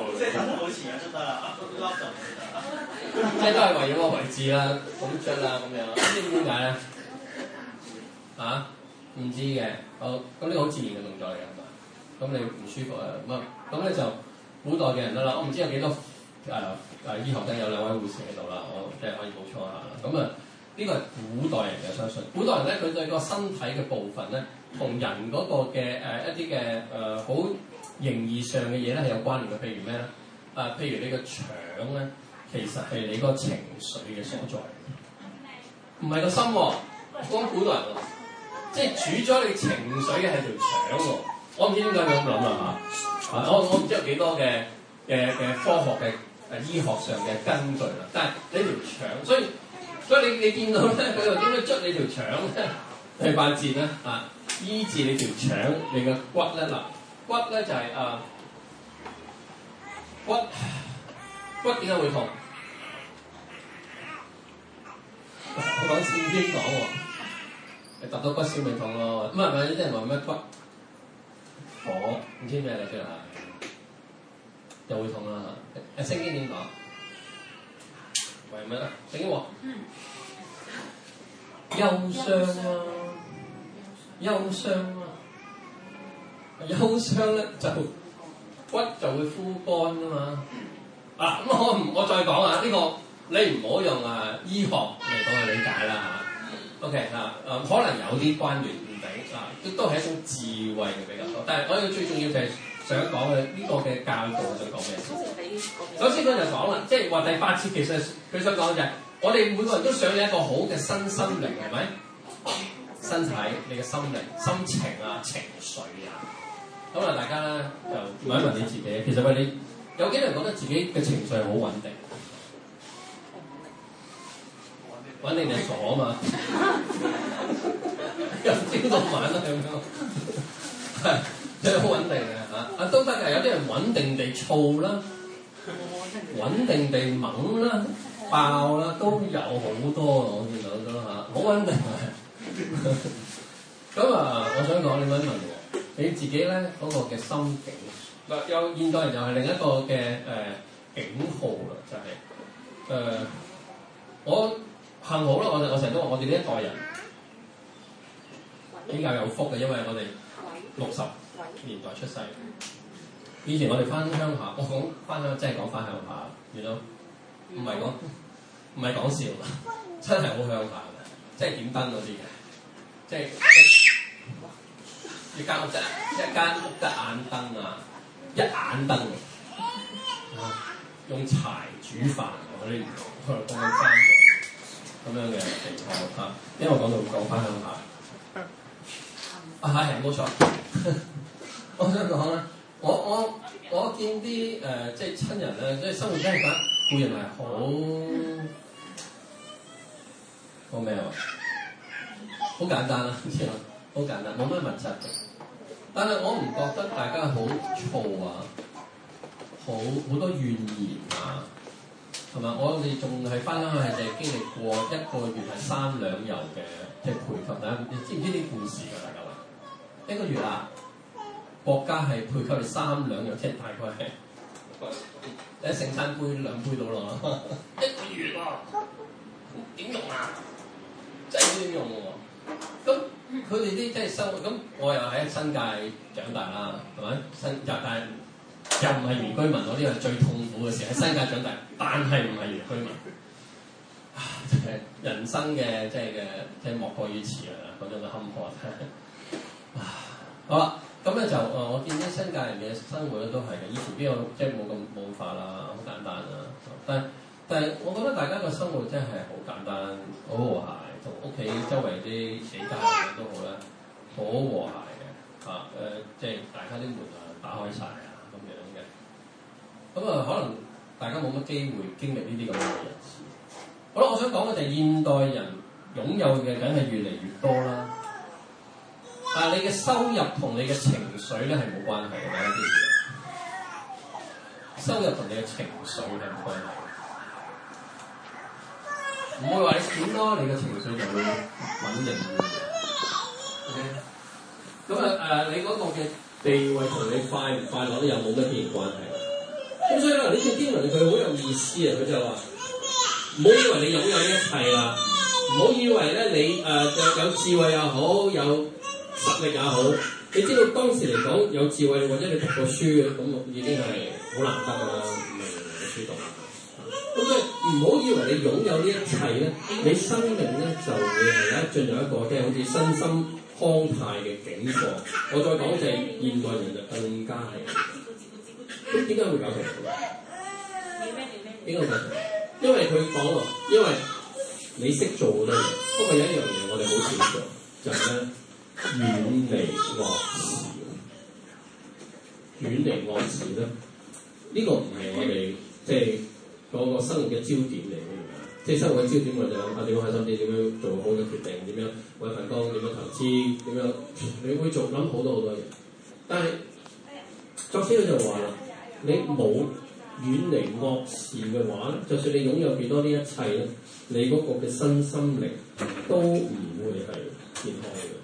Speaker 1: 嗯、即係保都得啦，即係都係圍繞個位置啦，拱出啦咁樣，唔知點解咧？啊，唔知嘅。好、哦，咁呢個好自然嘅動作嚟嘅，係嘛？咁你唔舒服啊？唔、嗯、啊？咁咧就古代嘅人得啦，我唔知有幾多誒誒醫學都有兩位護士喺度啦，我即係可以補充嚇。咁、嗯、啊，呢、這個係古代人嘅，相信古代人咧，佢對個身體嘅部分咧，同人嗰個嘅誒、呃、一啲嘅誒好。呃形而上嘅嘢咧係有關聯嘅，譬如咩咧？啊，譬如你個腸咧，其實係你個情緒嘅所在，唔係個心、哦。講古代、哦，即係煮咗你情緒嘅係條腸喎、哦。我唔知點解咁諗啊？嚇、啊！我我唔知有幾多嘅嘅嘅科學嘅誒、啊、醫學上嘅根據啦。但係你條腸，所以所以你你見到咧，佢又點解捽你條腸咧？第八節咧啊！醫治你條腸，你個骨咧啦。啊骨咧就係、是、誒、uh, 骨骨點解會痛？ 我講聖經講喎，你揼到骨少咪痛咯，唔係唔係啲人話咩骨火唔知咩嚟先嚇，就會痛啦嚇。阿聖經點講？為乜咧？聖經，憂啊，憂、啊啊啊啊啊 ¿oh? 傷、啊。憂傷咧就骨就會枯乾㗎嘛啊咁、嗯、我我再講、這個、啊，呢個你唔好用啊醫學嚟講去理解啦嚇、啊。OK 嗱、啊、誒、嗯、可能有啲關聯唔定啊，都都係一種智慧嘅比較多。但係我嘅最重要就係想講嘅呢個嘅教導想講咩？首先佢就講啦，即係話第八節。其實佢想講就係我哋每個人都想有一個好嘅身心靈係咪？身體你嘅心靈心情啊情緒啊。咁啊，大家咧就問一問你自己，其實喂，你有幾多人覺得自己嘅情緒好穩定？穩定你傻啊嘛！由朝到晚都係咁，係好穩定嘅啊，啊，都得㗎，有啲人穩定地躁啦，穩定地猛啦、爆啦、啊，都有好多我見到都，吓、啊，好穩定咁啊， 我想講你問一問你自己咧嗰、那個嘅心境，嗱，有現代人又係另一個嘅誒警號啦，就係、是、誒、呃、我幸好啦，我我成日都話我哋呢一代人比較有福嘅，因為我哋六十年代出世，
Speaker 2: 以前我哋翻鄉下，
Speaker 1: 我講翻鄉即係講翻鄉下，原來，唔係講唔係講笑，真係好鄉下嘅，即係點燈嗰啲嘅，即係。一間屋一間碌得眼燈啊，一眼燈啊，啊，用柴煮飯嗰啲咁樣嘅情況啊，因為我講到講翻鄉下，嗯、啊係冇錯，我想講咧，我我我見啲誒即係親人咧，即係生活方式固然係好好咩啊？好簡單啊，好簡單，冇咩物質。但係我唔覺得大家好燥啊，好好多怨言啊，係嘛？我哋仲係翻返去，係凈係經歷過一個月係三兩油嘅即係培訓，大家你知唔知啲故事㗎？大家話一個月啊，國家係賠佢哋三兩油，即係大概係一成餐杯兩杯到咯、啊。一個月啊，點用啊？真係點用啊？咁。佢哋啲即係生活咁，我又喺新界長大啦，係咪？新又但又唔係原居民，我呢個最痛苦嘅事喺新界長大，但係唔係原居民，啊！真係人生嘅即係嘅即係莫過於此啊！講到咁坎坷，啊！好啦，咁咧就啊，我見啲新界人嘅生活咧都係嘅，以前邊個即係冇咁冇法啦，好簡單啊！但係但係，我覺得大家嘅生活真係好簡單，好和諧。同屋企周圍啲死介嘅都好啦，好和，和諧嘅嚇誒，即係大家啲門啊打開晒啊咁樣嘅，咁、嗯、啊可能大家冇乜機會經歷呢啲咁嘅日子。好啦，我想講嘅就係現代人擁有嘅梗係越嚟越多啦，但係你嘅收入同你嘅情緒咧係冇關係嘅。 收入同你嘅情緒係冇關係嘅。唔會話你少咯，你嘅情緒就會穩定。OK，咁啊誒，你嗰個嘅地位同你快唔快樂都有冇乜必然關係。咁、嗯、所以咧，呢段經文佢好有意思啊！佢就話：「唔好以為你擁有一切啦，唔好以為咧你誒就、呃、有智慧又好，有實力又好。你知道當時嚟講有智慧或者你讀過書嘅，咁已經係好難得噶啦。唔好主咁啊，唔好以為你擁有呢一切咧，你生命咧就會係一進入一個即係好似身心康泰嘅境況。我再講就係現代人就更加係。咁點解會搞咁？點解會搞咁？因為佢講話，因為你識做好多嘢，不過有一樣嘢我哋好少做，就係咧遠離惡事。遠離惡事咧，呢個唔係我哋即係。就是個個生活嘅焦點嚟，即係生活嘅焦點，就是，咪就係點樣開心，點樣做好嘅決定，點樣揾份工，點樣投資，點樣你會做諗好多好多嘢。但係作者佢就話啦，你冇遠離惡事嘅話，就算你擁有幾多呢一切咧，你嗰個嘅身心靈都唔會係健康嘅。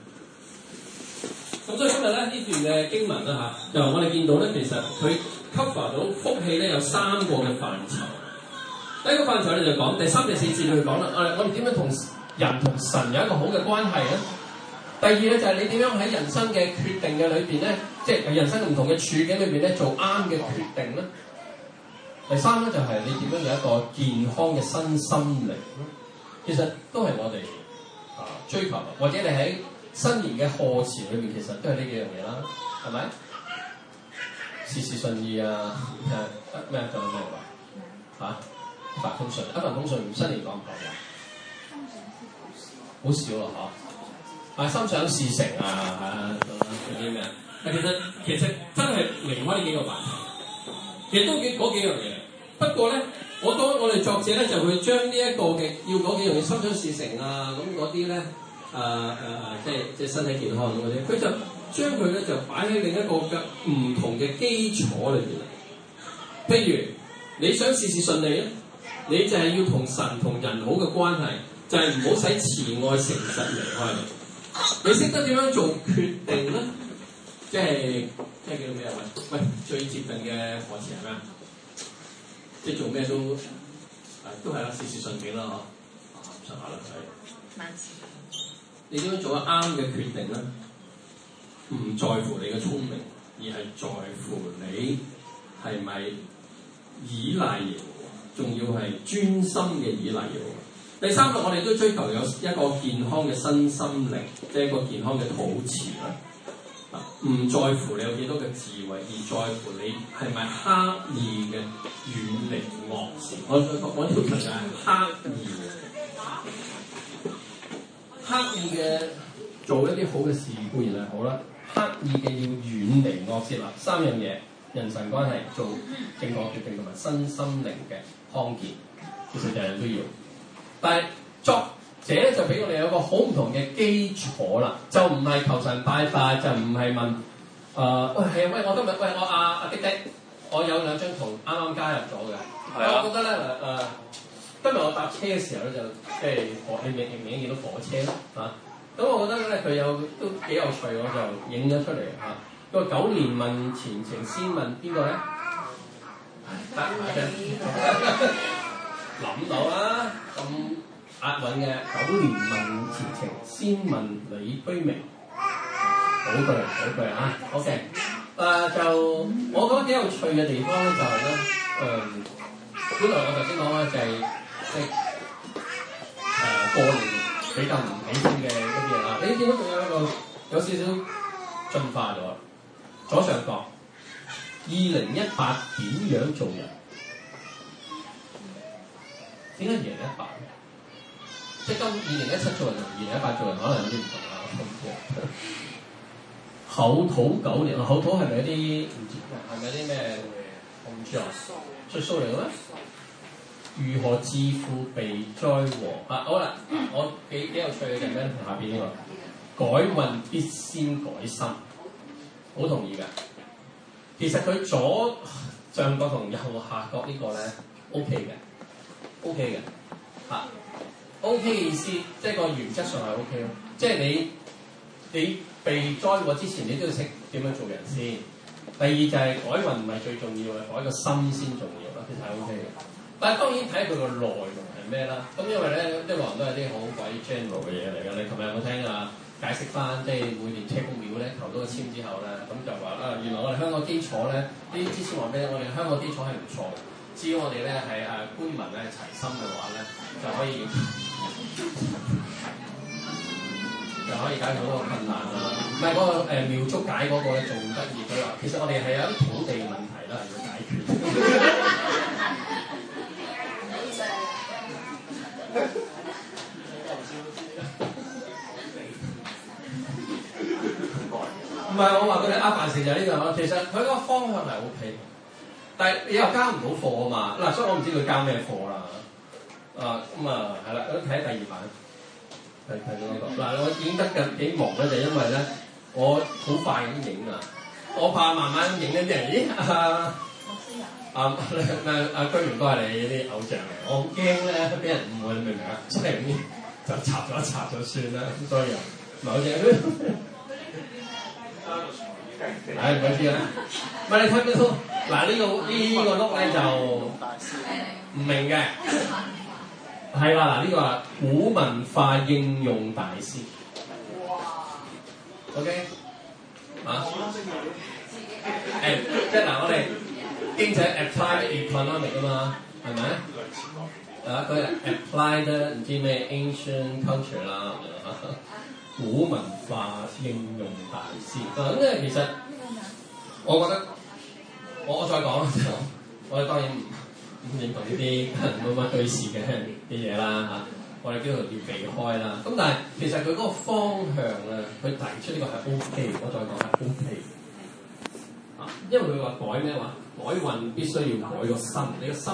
Speaker 1: 咁所以今日咧呢段嘅經文啦嚇，就我哋見到咧，其實佢 cover 到福氣咧有三個嘅範疇。第一個範疇，你就講第三節四節去講啦。誒，我哋點樣同人同神有一個好嘅關係咧？第二咧就係你點樣喺人生嘅決定嘅裏邊咧，即係人生唔同嘅處境裏邊咧，做啱嘅決定咧。第三咧就係你點樣有一個健康嘅身心靈咧？其實都係我哋啊追求，或者你喺新年嘅賀詞裏邊，其實都係呢幾樣嘢啦，係咪？事事順意啊！誒咩啊？仲有咩話？嚇？發通訊，一份通訊唔犀利講唔講嘅？好少啊，嗬！啊，心想事成啊，都啦，啲咩啊？其實其實真係另外呢幾個法，其實都幾嗰幾樣嘢。不過咧，我當我哋作者咧就會將呢、這、一個嘅要嗰幾樣嘢，心想事成啊，咁嗰啲咧，誒、啊、誒、啊，即係即係身體健康咁嗰啲，佢就將佢咧就擺喺另一個嘅唔同嘅基礎裏邊。譬如你想事事順利咧、啊。你就係要同神同人好嘅關係，就係唔好使慈愛誠實離開你。你識得點樣做決定咧？即係聽見到咩啊？喂，最接近嘅何時係咩啊？即係做咩都都係啦，事事順境啦嗬。諗下啦，係。萬事。你點樣做一啱嘅決定咧？唔在乎你嘅聰明，而係在乎你係咪倚賴人。仲要係專心嘅以嚟喎。第三個，我哋都追求有一個健康嘅身心靈，即係一個健康嘅肚臍啦。唔在乎你有幾多嘅智慧，而在乎你係咪刻意嘅遠離惡事。我想我條題就係刻意，刻意嘅做一啲好嘅事固然係好啦，刻意嘅要遠離惡事啦。三樣嘢，人神關係，做正確決定同埋身心靈嘅。康健，其實人人都要，但係作者就俾我哋有個好唔同嘅基礎啦，就唔係求神拜拜，就唔係問誒，係、呃、啊，喂，我今日喂我阿阿滴滴，我有兩張圖啱啱加入咗嘅。啊、我覺得咧誒、呃，今日我搭車嘅時候咧就即係、哎、火，你明唔明見到火車啊？咁我覺得咧佢有都幾有趣，我就影咗出嚟嚇。個、啊、九年問前程，先問邊個咧？得，諗到啦！咁押韻嘅，九年問前程，先問李居明。好句，好句啊！OK，誒就我覺得幾有趣嘅地方咧、就係嗯，就係咧誒，本來我頭先講咧，就係即誒過年比較唔喜歡嘅一啲嘢啦。你見到仲有一個有少少進化咗，左上角。二零一八點樣做人？點解二零一八？即係今二零一七做人，同二零一八做人可能有啲唔同啦。土土九年，土土係咪一啲？唔知係咪一啲咩？我唔知啊。出蘇嚟嘅咩？如何致富避災禍？啊，好啦、啊，我幾幾有趣嘅就係咩？嗯、下邊呢、呢個改運必先改心，好同意嘅。其實佢左上角同右下角個呢個咧，O K 嘅，O K 嘅，嚇，O K 嘅意思，即係個原則上係 O K 咯。即係你你被災禍之前，你都要識點樣做人先。第二就係改運唔係最重要嘅，改個心先重要啦。其實係 O K 嘅。但係當然睇佢個內容係咩啦。咁因為咧，啲內容都係啲好鬼 general 嘅嘢嚟噶。你琴日有冇聽啊？解釋翻，即係每年車公廟咧投到個籤之後咧，咁就話啊，原來我哋香港基礎咧，啲支籤話俾我哋香港基礎係唔錯嘅，只要我哋咧係誒官民咧齊心嘅話咧，就可以就可以解決到個困難啦。唔係嗰個誒廟祝解嗰個咧仲得意，佢話其實我哋係有啲土地問題啦，係要解決。 唔係我話佢哋啊辦事就係呢、呢個咯，其實佢嗰個方向係 OK，但係你又交唔到貨啊嘛，嗱，所以我唔知佢交咩貨啦。啊，咁、嗯、啊，係啦，咁睇下第二版。睇到呢個。嗱、啊，我影得嘅幾忙咧，就因為咧，我好快咁影啊，我怕慢慢影咧啲人咦？啊啊啊，啊，啊，啊，啊，啊！居民都係你啲偶像嚟，我好驚咧俾人誤會，你明唔明啊？出嚟唔就拆咗拆咗算啦，咁多嘢，兩隻。 唉唔、哎、知啦，喂、 啊，你睇邊幅？嗱呢、 這個呢、這個碌咧、這個、就唔明嘅，係啦嗱呢個係古文化應用大師哇，OK 啊？誒、 哎、即係嗱、啊、我哋經濟 applied economy 嘅嘛，係咪 啊，啊？啊佢係 applied 唔知咩 ancient culture 啦？古文化應用大師啊！咁咧其實我覺得，我，我再講我哋當然唔認同呢啲唔乜對事嘅嘅嘢啦嚇，我哋叫做要避開啦。咁、啊、但係其實佢嗰個方向啊，佢提出呢個係 O K，我再講係 O K。啊，因為佢話改咩話？改運必須要改個心，你個心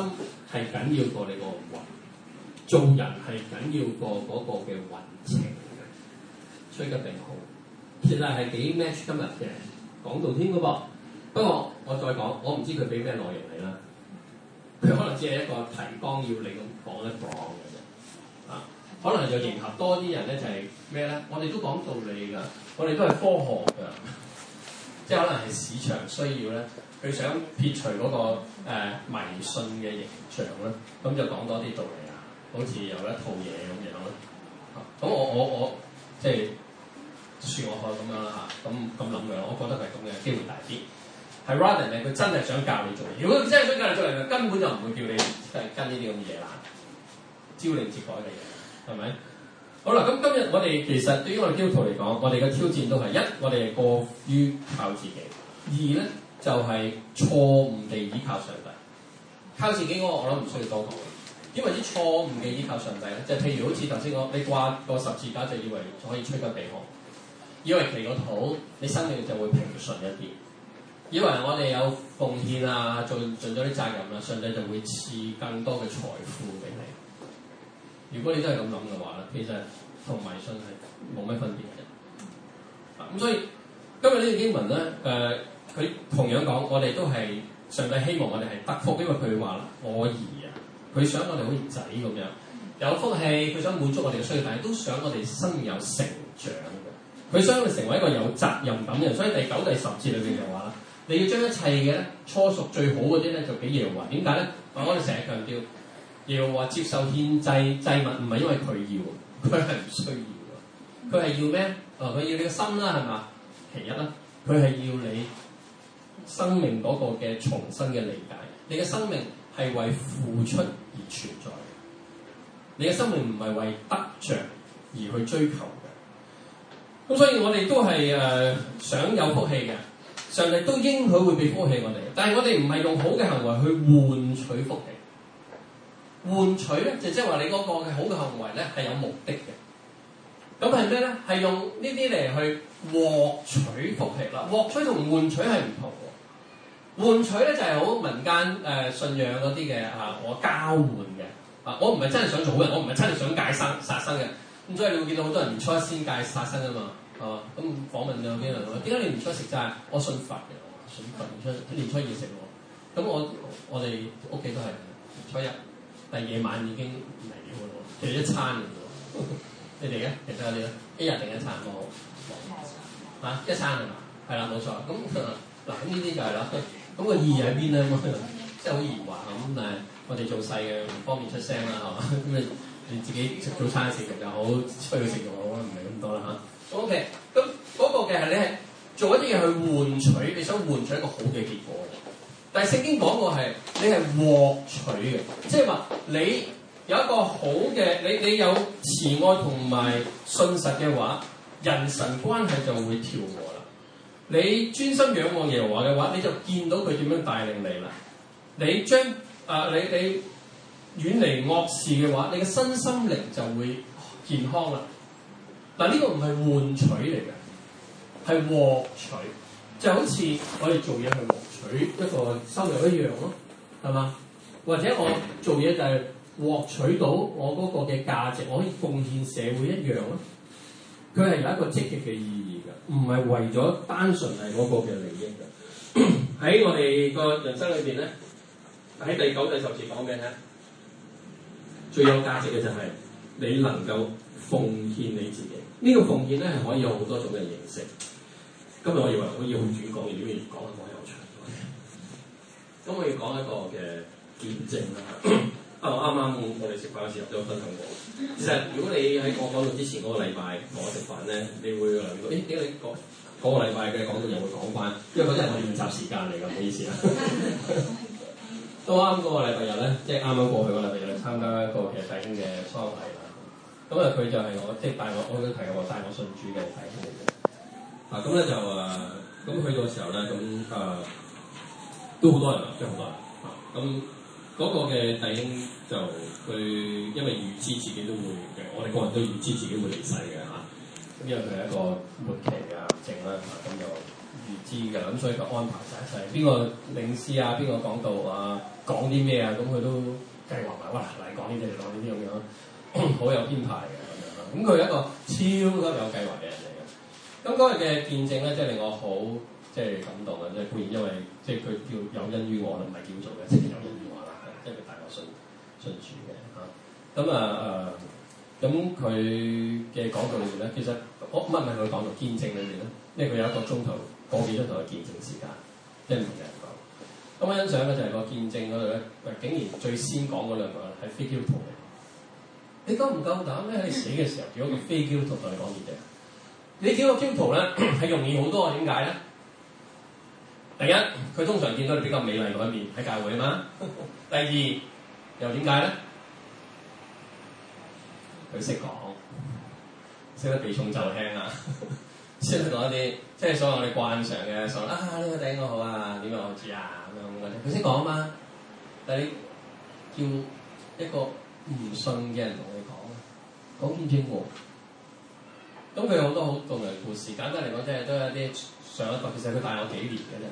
Speaker 1: 係緊要過你個運，做人係緊要過嗰個嘅運程。吹嘅定好，其實係幾 match 今日嘅講道添嘅噃。不過我再講，我唔知佢俾咩內容嚟啦。佢可能只係一個提綱要你咁講一講嘅啫。啊，可能就迎合多啲人咧，就係咩咧？我哋都講道理㗎，我哋都係科學㗎，啊，即係可能係市場需要咧，佢想撇除嗰、嗰個、呃、迷信嘅形象啦，咁、啊、就講多啲道理啊，好似有一套嘢咁樣咧。咁、啊、我我我即係。就係算我開咁樣啦嚇，咁咁諗嘅，我覺得係咁嘅機會大啲。係 Roden 咧，佢真係想教你做嘢。如果佢真係想教你做嘢，佢根本就唔會叫你係跟呢啲咁嘅嘢啦，朝令夕改嘅嘢，係咪？好啦，咁今日我哋其實對於我哋基督徒嚟講，我哋嘅挑戰都係一，我哋係過於靠自己；二咧就係、是、錯誤地依靠上帝。靠自己我諗唔需要多講因點為之錯誤嘅依靠上帝咧？就是、譬如好似頭先講，你掛個十字架就以為可以吹緊鼻鼾。以為祈個禱，你生命就會平順一啲；以為我哋有奉獻啊，做盡咗啲責任啦，上帝就會賜更多嘅財富俾你。如果你真係咁諗嘅話咧，其實同迷信係冇咩分別嘅。咁、啊、所以今日呢段經文咧，誒、呃、佢同樣講，我哋都係上帝希望我哋係得福，因為佢話我兒啊，佢想我哋好似仔咁樣有福氣，佢想滿足我哋嘅需要，但係都想我哋生命有成長。佢想你成為一個有責任感嘅人，所以第九、第十節裏邊就話啦，你要將一切嘅咧，初熟最好嗰啲咧，就俾耶和華。點解咧？我哋成日強調，耶和華接受獻祭祭物，唔係因為佢要，佢係唔需要，佢係要咩？啊、哦，佢要你嘅心啦，係嘛？其一啦，佢係要你生命嗰個嘅重新嘅理解。你嘅生命係為付出而存在，你嘅生命唔係為得着而去追求。咁所以我哋都係誒、呃、想有福氣嘅，上帝都應許會俾福氣我哋。但係我哋唔係用好嘅行為去換取福氣，換取咧就即係話你嗰個嘅好嘅行為咧係有目的嘅。咁係咩咧？係用呢啲嚟去獲取福氣啦。獲取，換取同換取係唔同嘅。換取咧就係、是、好民間誒、呃、信仰嗰啲嘅啊，我交換嘅啊，我唔係真係想做好人，我唔係真係想解生殺生嘅。咁所以你會見到好多人年初一先戒殺生啊嘛，係、啊、嘛？咁訪問兩幾人話：點解你唔初一食齋？我信佛嘅，信佛唔出年初二食喎。咁我我哋屋企都係初一，但夜晚已經嚟料嘅咯，其實一餐嘅啫喎。你哋咧？其他你咧？一日定一餐冇？冇、嗯啊、錯。嚇，一餐係嘛？係啦、就是，冇錯。咁嗱，咁呢啲就係啦。咁個意義喺邊咧？嗯、 即係好疑惑咁但誒，我哋做細嘅唔方便出聲啦，係嘛？咁啊。啊自己食早餐嘅食物就好，出去食用好，覺得唔係咁多啦吓 OK，咁嗰個嘅係你係做一啲嘢去換取，你想換取一個好嘅結果，但係聖經講過係你係獲取嘅，即係話你有一個好嘅，你你有慈愛同埋信實嘅話，人神關係就會調和啦。你專心仰望耶和華嘅話，你就見到佢點樣帶領你啦。你將啊你、呃、你。你遠離惡事嘅話，你嘅身心靈就會健康啦。但呢個唔係換取嚟嘅，係獲取，就好似我哋做嘢去獲取一個收入一樣咯，係嘛？或者我做嘢就係獲取到我嗰個嘅價值，我可以貢獻社會一樣咯。佢係有一個積極嘅意義㗎，唔係為咗單純係嗰個嘅利益㗎。喺咳咳我哋個人生裏邊咧，喺第九節十節講嘅睇。最有價值嘅就係你能夠奉獻你自己，呢、這個奉獻咧係可以有好多種嘅形式。今日我以為可以好短講完，而點解要講咁講又長？咁 我要講一個嘅見證啦。啊，啱 啱、哦、我哋食飯嘅時候都有分享過。其實如果你喺我講到之前嗰個禮拜同我食飯咧，你會話誒點解你講嗰、那個禮拜嘅講到又會講翻？因為嗰陣我練習時間嚟㗎，唔好意思啊。 都啱嗰個禮拜日咧，即係啱啱過去嗰個禮拜日參加一個嘅弟兄嘅喪禮啦。咁啊，佢就係我即係帶我，我想提我帶我信主嘅弟兄嚟嘅。啊，咁咧就啊，咁去到嘅時候咧，咁啊都好多人啊，真係好多人。咁、啊、嗰、啊那個嘅弟兄就佢、是、因為預知自己都會嘅，我哋個人都預知自己會離世嘅咁、啊啊、因為佢係一個末期嘅癌症啦，咁、啊、就。知㗎咁，所以佢安排晒一切，邊個領詩啊？邊個講道啊？講啲咩啊？咁佢都計劃埋。喂，嚟講呢啲，講呢啲咁樣，好有編排嘅咁樣。咁佢係一個超級有計劃嘅人嚟嘅。咁嗰日嘅見證咧，即係令我好即係感動啊。即係固然因為即係佢叫有恩於我唔係叫做嘅，即係有恩於我啦，即係佢帶我信信主嘅嚇。咁啊啊，咁佢嘅講道裏面咧，其實我乜係佢講到、哦、見證裏面咧？因為佢有一個中途。放幾張圖去見證時間，欣賞講。咁我欣賞嘅就係個見證嗰度咧，喂竟然最先講嗰兩個係非基督徒嚟。你夠唔夠膽咧？喺死嘅時候，如果個非基督徒同你講嘢嘅，你叫個基督徒咧係容易好多啊？點解咧？第一，佢通常見到你比較美麗嗰一面喺教會啊嘛。第二，又點解咧？佢識講，識得避重就輕啊。先講一啲，即係所有我哋慣常嘅所謂啊呢、啊呢個頂我好啊，點樣我知啊咁樣咁嘅。佢識講啊嘛，但係你叫一個唔信嘅人同你講，好唔正確。咁佢有好多好動人故事。簡單嚟講，即係都有啲上一代，其實佢大我幾年嘅啫，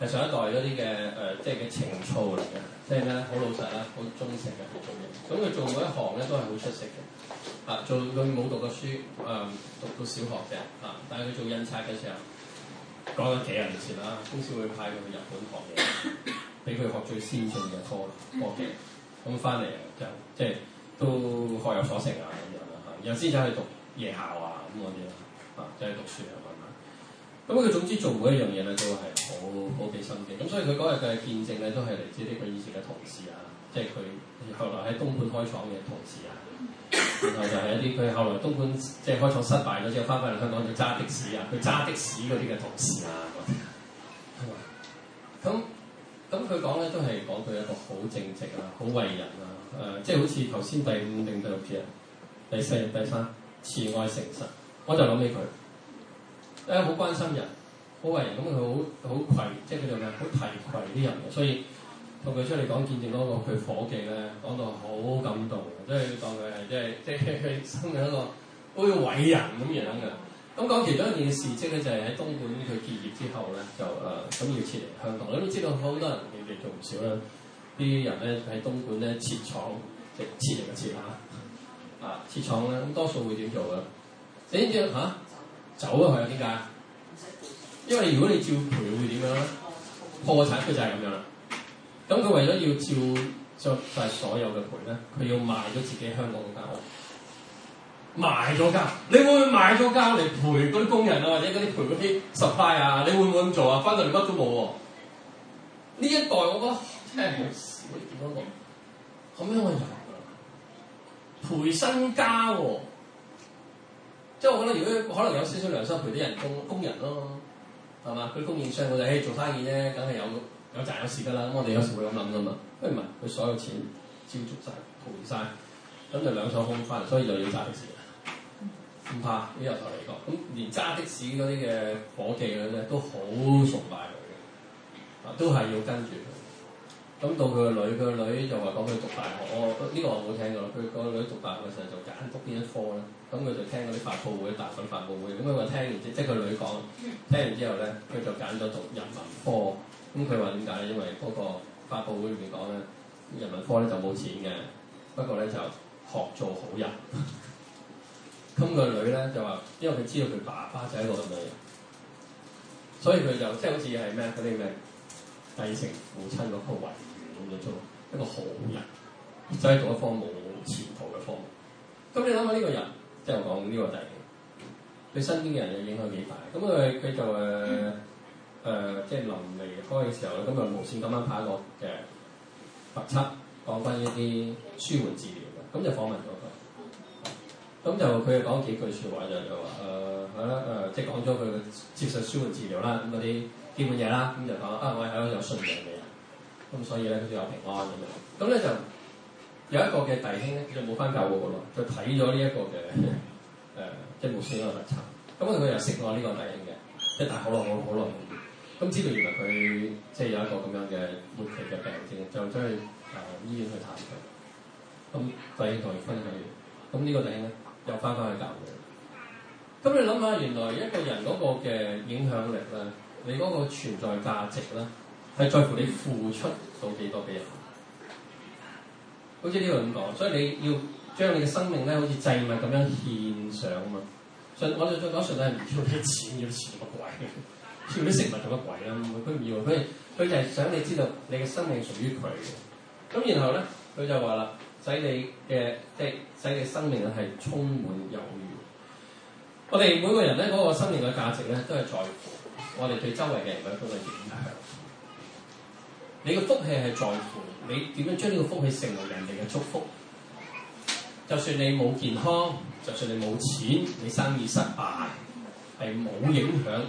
Speaker 1: 係上一代嗰啲嘅誒，即係嘅情操嚟嘅，即係咩咧？好老實啦，好忠誠嘅。好咁佢做每一行咧，都係好出色嘅。啊！做佢冇讀過書，誒、嗯、讀到小學嘅啊，但係佢做印刷嘅時候，講緊幾年前啦，公司會派佢去日本學嘢，俾佢學最先進嘅科技。咁翻嚟就即係都學有所成啊，咁樣啦嚇。有先就去讀夜校啊，咁嗰啲啦啊，即係讀書啊咁樣。咁佢總之做每一樣嘢咧，都係好好俾心機。咁所以佢嗰日嘅見證咧，都係嚟自呢個以前嘅同事啊，即係佢後來喺東莞開廠嘅同事啊。然後就係一啲佢後來東莞即係、就是、開廠失敗咗之後，翻返嚟香港做揸的士啊，佢揸的士嗰啲嘅同事啊嗰啲。咁咁佢講咧都係講佢一個好正直啊，好為人啊，誒即係好似頭先第五定第，第六節啊，第四第三慈愛誠實，我就諗起佢誒好關心人，好為人，咁佢好好攜即係佢做咩好提攜啲人，啊，所以。同佢出嚟講見證嗰個佢夥計咧，講到好感動，即係當佢係即係即係生咗一個好似偉人咁樣嘅。咁講其中一件事蹟咧，就係喺東莞佢結業之後咧，就誒咁、呃、要撤離香港。你都知道好多人你哋做唔少啦，啲人咧喺東莞咧撤廠，即係撤離嘅撤下啊撤廠咧，咁多數會點做㗎？你知唔知走咗佢去？點解？因為如果你照賠，會點樣咧？破產，佢就係咁樣啦。咁佢為咗要照著曬所有嘅賠咧，佢要賣咗自己香港嘅間屋，賣咗間，你會唔會賣咗間嚟賠嗰啲工人啊，或者嗰啲賠嗰啲十 u p 啊？你會唔會咁做啊？翻到嚟乜都冇喎、啊。呢一代我覺得真係好少到個，咁樣我由㗎，賠身家喎、啊。即係我覺得如果可能有少少良心賠啲人工工人咯、啊，係嘛？佢供應商我就誒做生意啫，梗係有。有賺有蝕㗎啦，咁我哋有時會咁諗㗎嘛。不如唔係佢所有錢招足晒，賠晒，咁就兩手空翻，所以就要揸的士。唔怕呢入頭嚟講，咁連揸的士嗰啲嘅伙計咧都好崇拜佢嘅，都係要跟住佢。咁到佢個女，佢個女就話講佢讀大學，我呢、呢個我冇聽過，佢個女讀大學嘅時候就揀讀邊一科咧，咁佢就聽嗰啲發佈會、大學發佈會，咁佢話聽完即，即係佢女講，聽完之後咧，佢就揀咗讀人文科。咁佢話點解咧？因為嗰個發佈會裏面講咧，人民科咧就冇錢嘅，不過咧就學做好人。咁 個女咧就話，因為佢知道佢爸爸就係一個咁嘅人，所以佢就即係、就是、好似係咩嗰啲咩繼承父親嗰個遺願咁樣做一個好人，即係做一科冇前途嘅科。咁你諗下呢個人，即、就、係、是、我講呢個第，對身邊嘅人嘅影響幾大。咁佢佢就誒。呃誒、呃，即係臨離開嘅時候咧，咁就無線咁樣拍一個嘅特輯，講翻呢啲舒緩治療嘅，咁就訪問咗佢。咁就佢又講幾句説話，就就話誒係啦，誒、呃呃、即係講咗佢接受舒緩治療啦，咁嗰啲基本嘢啦，咁就講啊，我係有信命嘅人，咁所以咧佢就有平安咁樣。咁咧就有一個嘅弟兄咧，佢就冇翻教會嘅咯，就睇咗呢一個嘅誒、呃，即係無線呢個特輯。咁佢又識我呢個弟兄嘅，即係但係好耐好耐。好好好咁知道原來佢即係有一個咁樣嘅末期嘅病症，就將佢誒醫院去探佢。咁弟兄同佢分享，咁呢個弟兄咧又翻返去教會。咁你諗下，原來一個人嗰個嘅影響力咧，你嗰個存在價值咧，係在乎你付出到幾多俾人。好似呢句咁講，所以你要將你嘅生命咧，好似祭物咁樣獻上啊嘛。神，我哋再講神係唔要啲錢，要錢個鬼。啲食物做乜鬼啦？佢唔要佢，佢就係想你知道你嘅生命屬於佢。咁然後咧，佢就話啦，使你嘅即係使你生命咧係充滿猶豫。我哋每個人咧嗰、那個生命嘅價值咧都係在乎我哋對周圍嘅人嘅一個影響。你嘅福氣係在乎你點樣將呢個福氣成為人哋嘅祝福。就算你冇健康，就算你冇錢，你生意失敗係冇影響。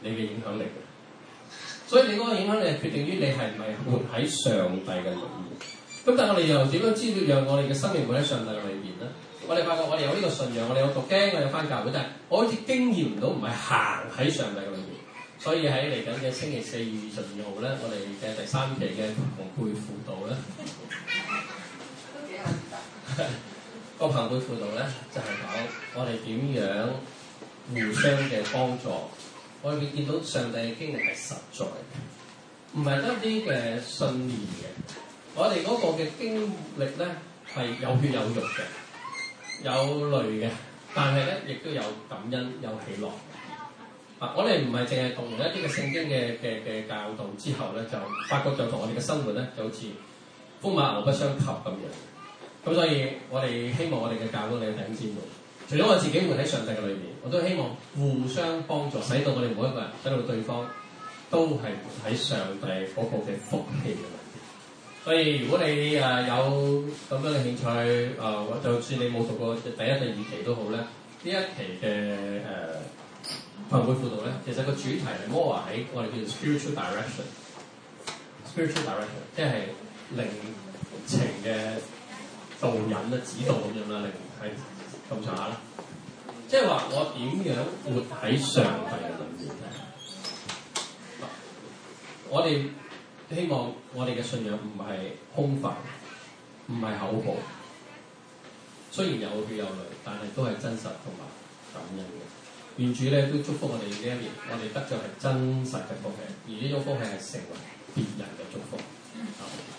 Speaker 1: 你嘅影響力，所以你嗰個影響力係決定於你係唔係活喺上帝嘅裏面。咁但係我哋又點樣知要讓我哋嘅生命活喺上帝嘅裏面咧？我哋發覺我哋有呢個信仰，我哋有讀經，我哋有返教會，但係我好似經驗唔到唔係行喺上帝嘅裏面。所以喺嚟緊嘅星期四二十二號咧，我哋嘅第三期嘅朋輩輔導咧，都幾好唔得。個朋輩輔導咧就係、是、講我哋點樣互相嘅幫助。我哋裏邊見到上帝嘅經歷係實在嘅，唔係得啲嘅信義嘅。我哋個嘅經歷咧係有血有肉嘅，有淚嘅，但係咧亦都有感恩、有喜樂，啊！我哋唔係淨係讀完一啲嘅聖經嘅嘅嘅教導之後咧，就發覺就同我哋嘅生活咧就好似風馬牛不相及咁樣。咁所以，我哋希望我哋嘅教會喺第五節度， 除咗我自己會喺上帝嘅裏面。我都希望互相幫助，使到我哋每一個人，使到對方都係喺上帝嗰個嘅福氣嘅裏邊。所以如果你誒有咁樣嘅興趣誒，就算你冇讀過第一第二期都好咧，呢一期嘅誒群會輔導咧，其實個主題係 more 喺我哋叫做 spiritual direction，spiritual direction，即係靈情嘅導引啊、指導咁樣啦，靈係咁上下啦。即係話我點樣活喺上帝嘅裏面咧？我哋希望我哋嘅信仰唔係空泛，唔係口號。雖然有血有淚，但係都係真實同埋感恩嘅。願主呢都祝福我哋呢一年，我哋得著係真實嘅福氣，而呢種福氣係成為別人嘅祝福。嗯